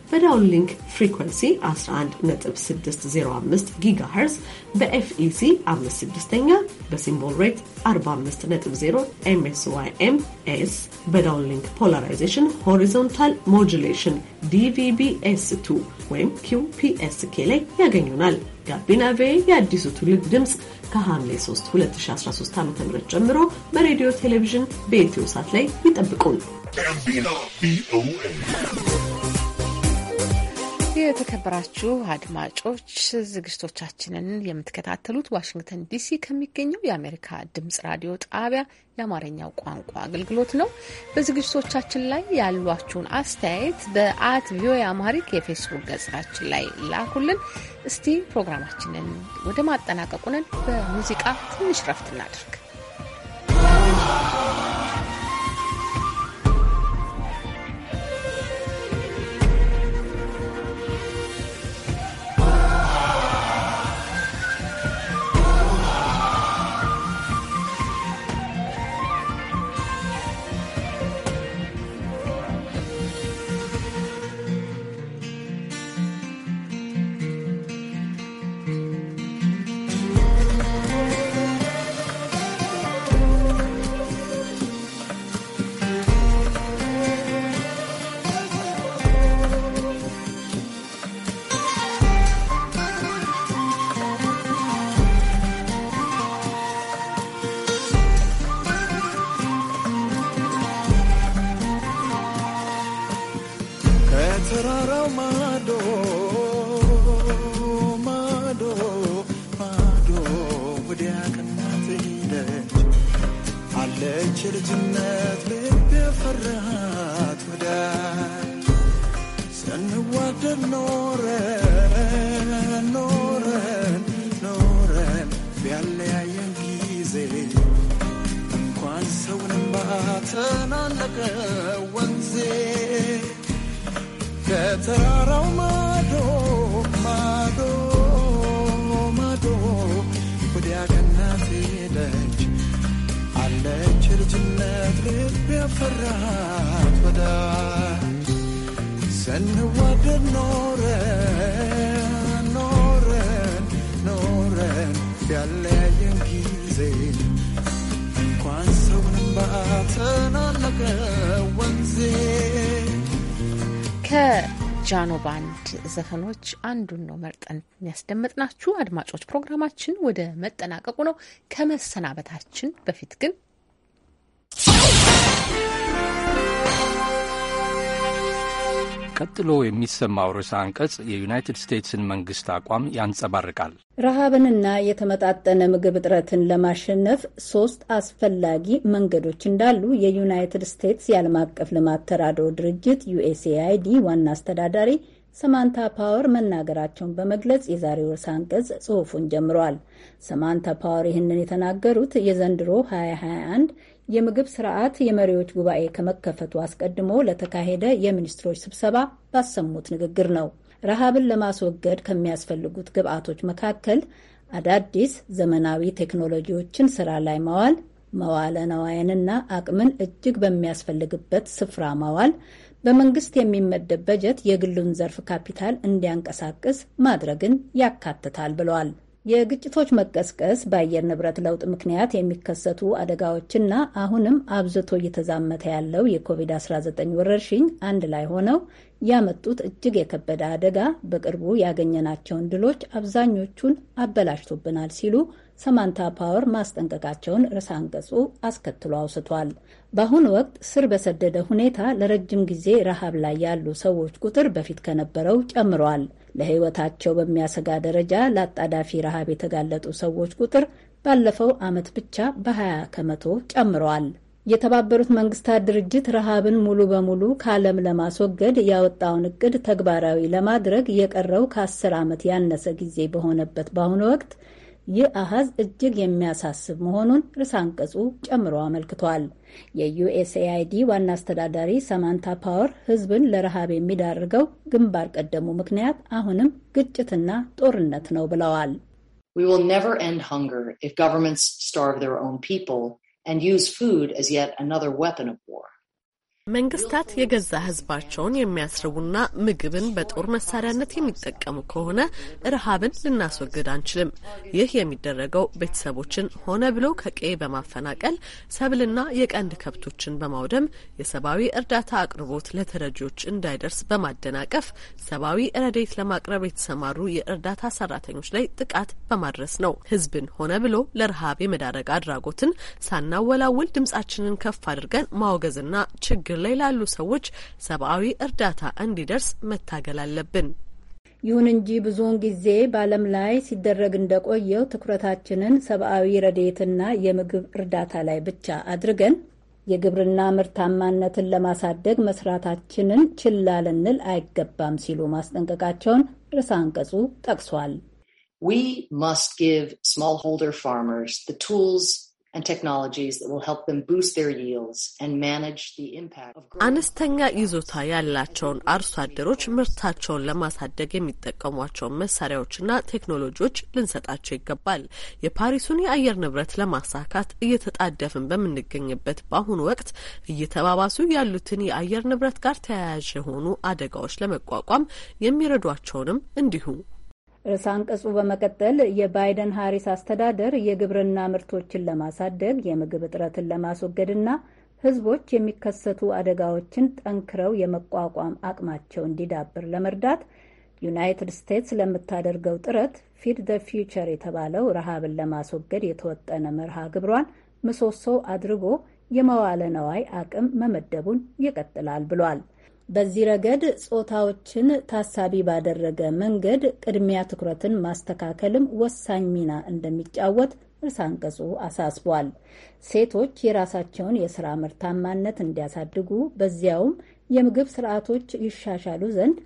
በዳውን ሊንክ ፍሪኩንሲ 11605 ጊጋሄርዝ በኤፍኢሲ 56ኛ በሲምቦል ሬት 450 በዳውን ሊንክ ፖላራይዜሽን ሆሪዞንታል ሞጁሌሽን ዲቪቢኤስ2 ወይም ኪውፒኤስኬ ላይ ያገኙናል። ጋቢና ቬ የአዲሱ ትውልድ ድምፅ ከሐምሌ 3 2013 ዓ ም ጀምሮ በሬዲዮ ቴሌቪዥን በኢትዮ ሳት ላይ ይጠብቁን። የተከበራችሁ አድማጮች ዝግጅቶቻችንን የምትከታተሉት ዋሽንግተን ዲሲ ከሚገኘው የአሜሪካ ድምጽ ራዲዮ ጣቢያ የአማርኛው ቋንቋ አገልግሎት ነው። በዝግጅቶቻችን ላይ ያሏችሁን አስተያየት በአት ቪኦኤ አማሪክ የፌስቡክ ገጻችን ላይ ላኩልን። እስቲ ፕሮግራማችንን ወደ ማጠናቀቁንን በሙዚቃ ትንሽ ረፍት እናድርግ። ዘፈኖች አንዱን ነው መርጠን የሚያስደምጥናችሁ። አድማጮች፣ ፕሮግራማችን ወደ መጠናቀቁ ነው። ከመሰናበታችን በፊት ግን ቀጥሎ የሚሰማው ርዕሰ አንቀጽ የዩናይትድ ስቴትስን መንግስት አቋም ያንጸባርቃል። ረሃብንና የተመጣጠነ ምግብ እጥረትን ለማሸነፍ ሶስት አስፈላጊ መንገዶች እንዳሉ የዩናይትድ ስቴትስ የዓለም አቀፍ ልማት ተራድኦ ድርጅት ዩኤስኤአይዲ ዋና አስተዳዳሪ ሰማንታ ፓወር መናገራቸውን በመግለጽ የዛሬው ርዕሰ አንቀጽ ጽሑፉን ጀምሯል። ሰማንታ ፓወር ይህንን የተናገሩት የዘንድሮ 2021 የምግብ ስርዓት የመሪዎች ጉባኤ ከመከፈቱ አስቀድሞ ለተካሄደ የሚኒስትሮች ስብሰባ ባሰሙት ንግግር ነው። ረሃብን ለማስወገድ ከሚያስፈልጉት ግብዓቶች መካከል አዳዲስ ዘመናዊ ቴክኖሎጂዎችን ስራ ላይ መዋል መዋለ ነዋይንና አቅምን እጅግ በሚያስፈልግበት ስፍራ ማዋል በመንግስት የሚመደብ በጀት የግሉን ዘርፍ ካፒታል እንዲያንቀሳቅስ ማድረግን ያካትታል ብለዋል። የግጭቶች መቀስቀስ በአየር ንብረት ለውጥ ምክንያት የሚከሰቱ አደጋዎችና አሁንም አብዝቶ እየተዛመተ ያለው የኮቪድ-19 ወረርሽኝ አንድ ላይ ሆነው ያመጡት እጅግ የከበደ አደጋ በቅርቡ ያገኘናቸውን ድሎች አብዛኞቹን አበላሽቶብናል ሲሉ ሰማንታ ፓወር ማስጠንቀቃቸውን ርዕሰ አንቀጹ አስከትሎ አውስቷል። በአሁኑ ወቅት ስር በሰደደ ሁኔታ ለረጅም ጊዜ ረሃብ ላይ ያሉ ሰዎች ቁጥር በፊት ከነበረው ጨምሯል። ለሕይወታቸው በሚያሰጋ ደረጃ ለአጣዳፊ ረሃብ የተጋለጡ ሰዎች ቁጥር ባለፈው ዓመት ብቻ በ20 ከመቶ ጨምረዋል። የተባበሩት መንግስታት ድርጅት ረሃብን ሙሉ በሙሉ ከዓለም ለማስወገድ ያወጣውን እቅድ ተግባራዊ ለማድረግ የቀረው ከአስር ዓመት ያነሰ ጊዜ በሆነበት በአሁኑ ወቅት ይህ አሃዝ እጅግ የሚያሳስብ መሆኑን ርዕሰ አንቀጹ ጨምሮ አመልክቷል። የዩኤስኤአይዲ ዋና አስተዳዳሪ ሰማንታ ፓወር ህዝብን ለረሃብ የሚዳርገው ግንባር ቀደሙ ምክንያት አሁንም ግጭትና ጦርነት ነው ብለዋል። መንግስታት የገዛ ህዝባቸውን የሚያስርቡና ምግብን በጦር መሳሪያነት የሚጠቀሙ ከሆነ ረሃብን ልናስወግድ አንችልም። ይህ የሚደረገው ቤተሰቦችን ሆነ ብሎ ከቀዬ በማፈናቀል ሰብልና የቀንድ ከብቶችን በማውደም የሰብአዊ እርዳታ አቅርቦት ለተረጂዎች እንዳይደርስ በማደናቀፍ ሰብአዊ ረዴት ለማቅረብ የተሰማሩ የእርዳታ ሰራተኞች ላይ ጥቃት በማድረስ ነው። ህዝብን ሆነ ብሎ ለረሃብ የመዳረግ አድራጎትን ሳናወላውል ድምጻችንን ከፍ አድርገን ማውገዝና ችግር ችግር ላይ ላሉ ሰዎች ሰብአዊ እርዳታ እንዲደርስ መታገል አለብን። ይሁን እንጂ ብዙውን ጊዜ በዓለም ላይ ሲደረግ እንደቆየው ትኩረታችንን ሰብአዊ ረድኤትና የምግብ እርዳታ ላይ ብቻ አድርገን የግብርና ምርታማነትን ለማሳደግ መስራታችንን ችላ ልንል አይገባም ሲሉ ማስጠንቀቃቸውን ርዕሰ አንቀጹ ጠቅሷል። We must give smallholder farmers the tools አነስተኛ ይዞታ ያላቸውን አርሶ አደሮች ምርታቸውን ለማሳደግ የሚጠቀሟቸውን መሳሪያዎችና ቴክኖሎጂዎች ልንሰጣቸው ይገባል። የፓሪሱን የአየር ንብረት ለማሳካት እየተጣደፍን በምንገኝበት በአሁኑ ወቅት እየተባባሱ ያሉትን የአየር ንብረት ጋር ተያያዥ የሆኑ አደጋዎች ለመቋቋም የሚረዷቸውንም እንዲሁ ርዕሰ አንቀጹ በመቀጠል የባይደን ሀሪስ አስተዳደር የግብርና ምርቶችን ለማሳደግ የምግብ እጥረትን ለማስወገድና ህዝቦች የሚከሰቱ አደጋዎችን ጠንክረው የመቋቋም አቅማቸው እንዲዳብር ለመርዳት ዩናይትድ ስቴትስ ለምታደርገው ጥረት ፊድ ዘ ፊውቸር የተባለው ረሃብን ለማስወገድ የተወጠነ መርሃ ግብሯን ምሰሶ አድርጎ የመዋለ ነዋይ አቅም መመደቡን ይቀጥላል ብሏል። በዚህ ረገድ ጾታዎችን ታሳቢ ባደረገ መንገድ ቅድሚያ ትኩረትን ማስተካከልም ወሳኝ ሚና እንደሚጫወት እርስ አንቀጹ አሳስቧል። ሴቶች የራሳቸውን የስራ ምርታማነት እንዲያሳድጉ በዚያውም የምግብ ስርዓቶች ይሻሻሉ ዘንድ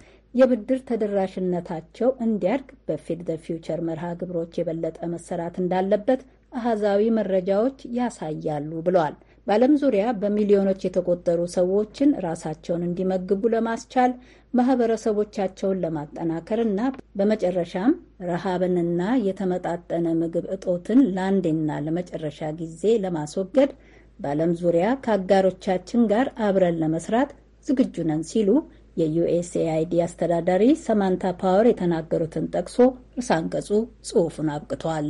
የብድር ተደራሽነታቸው እንዲያድግ በፊድ ዘ ፊውቸር መርሃ ግብሮች የበለጠ መሰራት እንዳለበት አሃዛዊ መረጃዎች ያሳያሉ ብሏል። በዓለም ዙሪያ በሚሊዮኖች የተቆጠሩ ሰዎችን ራሳቸውን እንዲመግቡ ለማስቻል ማህበረሰቦቻቸውን ለማጠናከር እና በመጨረሻም ረሃብንና የተመጣጠነ ምግብ እጦትን ለአንዴና ለመጨረሻ ጊዜ ለማስወገድ በዓለም ዙሪያ ከአጋሮቻችን ጋር አብረን ለመስራት ዝግጁ ነን ሲሉ የዩኤስኤአይዲ አስተዳዳሪ ሰማንታ ፓወር የተናገሩትን ጠቅሶ እርሳን ገጹ ጽሑፉን አብቅቷል።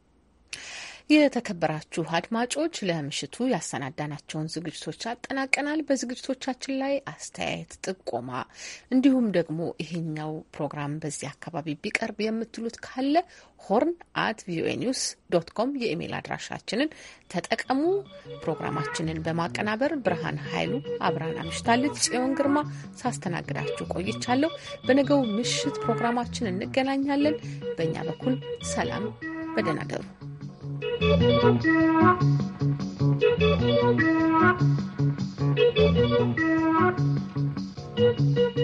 የተከበራችሁ አድማጮች ለምሽቱ ያሰናዳናቸውን ዝግጅቶች አጠናቀናል። በዝግጅቶቻችን ላይ አስተያየት፣ ጥቆማ እንዲሁም ደግሞ ይሄኛው ፕሮግራም በዚህ አካባቢ ቢቀርብ የምትሉት ካለ ሆርን አት ቪኦኤ ኒውስ ዶት ኮም የኢሜይል አድራሻችንን ተጠቀሙ። ፕሮግራማችንን በማቀናበር ብርሃን ኃይሉ አብራን አምሽታለች። ጽዮን ግርማ ሳስተናግዳችሁ ቆይቻለሁ። በነገው ምሽት ፕሮግራማችን እንገናኛለን። በእኛ በኩል ሰላም፣ በደህና ደሩ። Thank you.